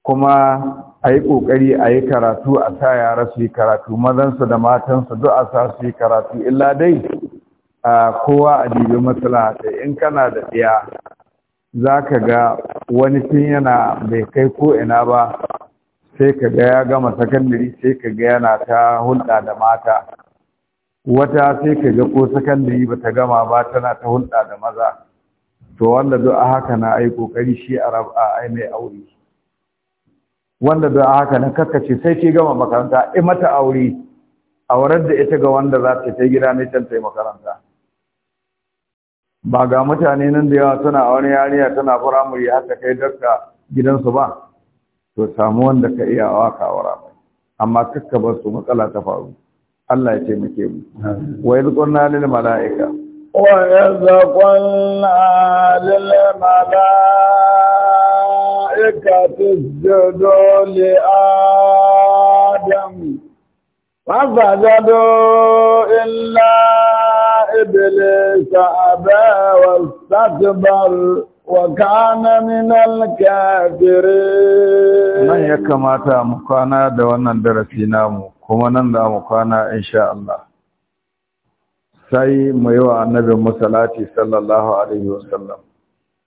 kuma a yi ƙoƙari a yi karatu a sa yara su yi karatu mazansu da matansu duk a sa su yi karatu illa dai kowa a dibi matsala in kana da ɗaya za ka ga wani tun yana bai kai ko ina ba sai ka ga ya gama sakandare sai ka ga yana ta hulɗa da mata wata sai ka ga ko sakandare ba ta gama ba tana ta hulɗa da maza to wanda duk haka na ai kokari shi a raba ai mai aure wanda da haka nan ce sai ki gama makaranta in mata aure aurar da ita ga wanda za ta ta gida ne can ta yi makaranta ba ga mutane nan da yawa suna wani yariya tana firamare haka kai dakka gidansu ba to samu wanda ka iya wa ka aura mai amma kakka ba su matsala ta faru Allah ya muke mu wa yadh qulna lil mala'ika wa yadh qulna lil mala'ika الملائكة اسجدوا لآدم فسجدوا إلا إبليس أبى واستكبر وكان من الكافرين من يكماتا مقانا دوانا درسينا مقانا دا إن شاء الله سي mu yi wa صلى الله عليه وسلم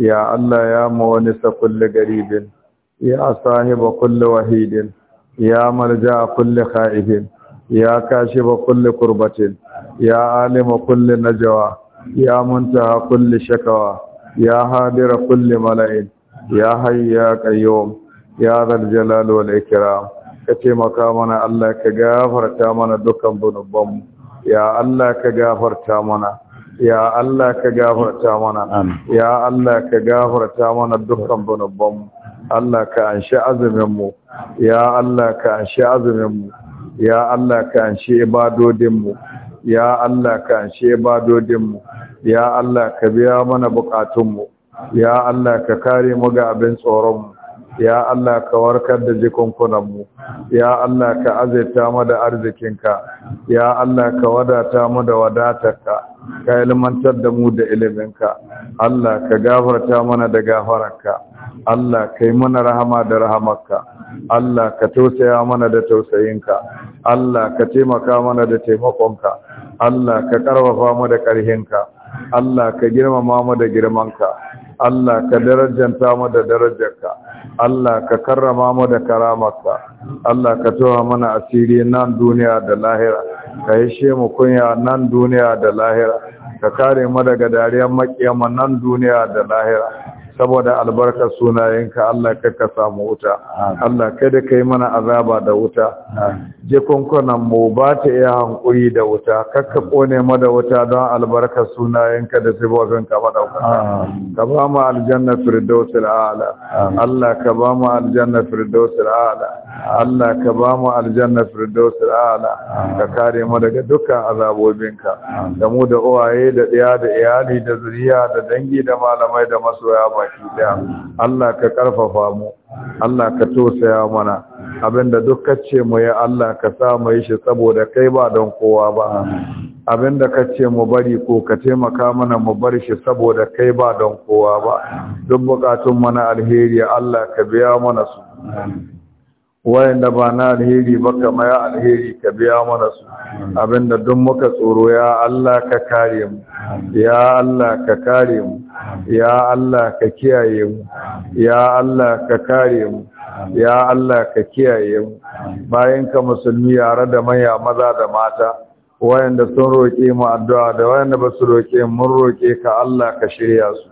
ya Allah ya mawanisa kulle garibin, ya sahiba kulle wahidin, ya marja a kulle ka’ibin, ya kashi ba kulle kurbatin, ya alima kulle najawa, ya manta ha kulle shakawa, ya hadira kulle mala’in, ya hayya ƙayyom, ya zarjalar wani kira, ka taimaka mana Allah ka gafarta mana dukkan bunubbanmu, ya Allah ka gafarta mana. ya Allah ka gafarta mana ya Allah ka gafarta mana dukkan banubban Allah ka anshi azumin mu ya Allah ka anshi azumin mu ya Allah ka anshi ibadodin mu ya Allah ka anshi ibadodin mu ya Allah ka biya mana bukatun mu ya Allah ka kare mu ga abin tsoron mu ya Allah ka warkar da jikunkunanmu ya Allah ka azaita mu da arzikinka ya Allah ka wadata mu da wadatarka ka ilmantar da mu da iliminka Allah ka gafarta mana da gafararka Allah ka yi mana rahama da rahamarka Allah ka tausaya mana da tausayinka Allah ka taimaka mana da taimakonka Allah ka karfafa mu da karhinka Allah ka girmama mu da girmanka Allah ka darajanta mu da darajarka Allah ka karrama mu da karamarka Allah ka towa mana asiri nan duniya da lahira ka yishe mu kunya nan duniya da lahira ka kare mu daga dariyar makiyama nan duniya da lahira saboda albarkar sunayenka Allah ka samu wuta Allah kai da kai mana azaba da wuta je jikunkunan mu ba ta iya hankuri da wuta kakka kone ma da wuta don albarkar sunayenka da sibobin ka madauka ka ba mu aljanna firdausul a'la Allah ka ba mu aljanna firdausul a'la Allah ka ba mu aljanna firdausul a'la ka kare mu daga dukkan azabobinka da mu da uwaye da ɗiya da iyali da zuriya da dangi da malamai da masoya bai baki da Allah ka karfafa mu Allah ka tosaya mana abinda duk kace mu ya Allah ka sa mu yi shi saboda kai ba don kowa ba abinda kace mu bari ko ka taimaka mana mu bar shi saboda kai ba don kowa ba duk bukatun mana alheri Allah ka biya mana su wayanda ba na alheri ba kama ya alheri ka biya mana su abinda duk muka tsoro ya Allah ka kare mu ya Allah ka kare mu ya Allah ka kiyaye mu ya Allah ka kare mu ya Allah ka kiyaye mu bayan ka musulmi yare da maya maza da mata wayanda sun roƙe mu addu'a da wayanda ba su roƙe mun roƙe ka Allah ka shirya su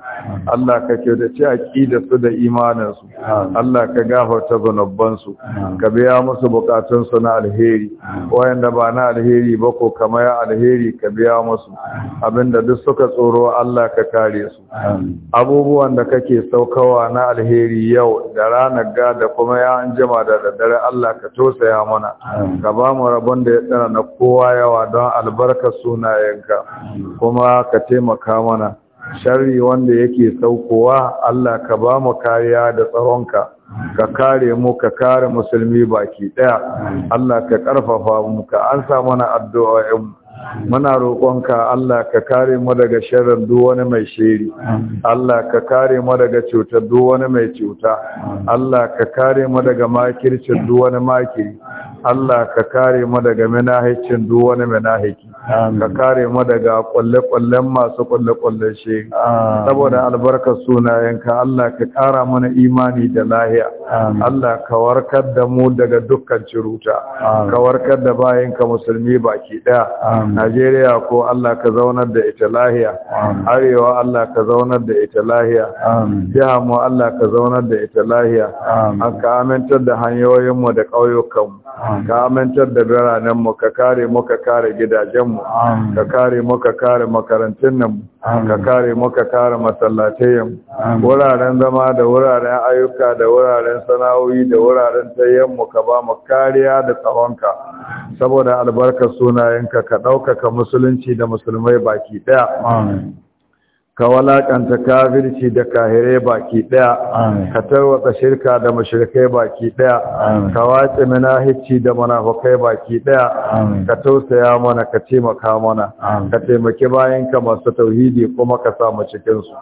Allah ka ci aqida su da imanin su Allah ka gafarta zanubban su ka biya musu bukatun su na alheri wayanda ba na alheri ba ko kamar alheri ka biya musu abinda duk suka tsoro Allah ka kare su abubuwan da kake saukawa na alheri yau da ranar ga da kuma ya an jima da daddare Allah ka ya mana ka ba mu rabon da ya tsara na kowa yawa don albarkar sunayenka kuma ka taimaka mana shari wanda yake saukowa Allah ka ba mu kariya da tsaronka ka kare mu ka kare musulmi baki daya Allah ka karfafa mu ka ansa mana addu'o'in muna roƙonka Allah ka kare mu daga sharrin duk wani mai shiri Allah ka kare mu daga cutar duk wani mai cuta Allah ka kare mu daga makircin duk wani makiri Allah ka kare mu daga manahicin duk wani manahiki ka kare mu daga kwalle-kwallen masu kwalle-kwallen shi saboda albarkar sunayenka Allah ka kara mana imani da lahiya Allah ka warkar da mu daga dukkan ciruta ka warkar da bayanka musulmi baki daya Najeriya ko Allah ka zaunar da ita lahiya arewa Allah ka zaunar da ita lahiya jiha mu Allah ka zaunar da ita lahiya ka amintar da hanyoyinmu da ƙauyukanmu ka amintar da biranenmu ka kare mu ka kare gidajenmu ka kare mu ka kare makarantun nan ka kare mu ka kare masallatayen wuraren zama da wuraren ayyuka da wuraren sana'o'i da wuraren tayyan mu ka ba mu kariya da tsawonka saboda albarkar sunayenka ka ɗaukaka musulunci da musulmai baki ɗaya ka walakanta kafirci da kahire baki ɗaya. ka tarwata shirka da mashirkai baki ɗaya. ka watsa manahici da manafakai baki ɗaya. ka tausaya mana ka taimaka mana ka taimaki bayan ka masu tauhidi kuma ka samu cikin su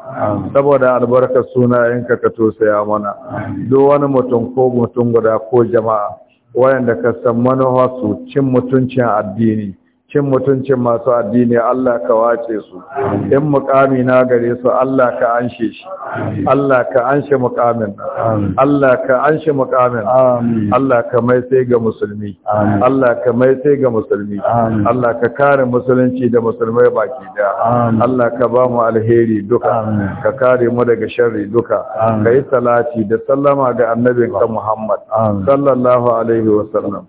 saboda albarkar sunayenka ka tausaya mana duk wani mutum ko mutum guda ko jama'a wayanda ka san manufa cin mutuncin addini cin mutuncin masu addini Allah ka wace su in mukami na gare su Allah ka anshe shi Allah ka anshe mukamin Allah ka anshe mukamin Allah ka mai sai ga musulmi Allah ka mai sai ga musulmi Allah ka kare musulunci da musulmai baki daya Allah ka ba mu alheri duka ka kare mu daga sharri duka ka yi salati da sallama ga annabinka Muhammad sallallahu alaihi wasallam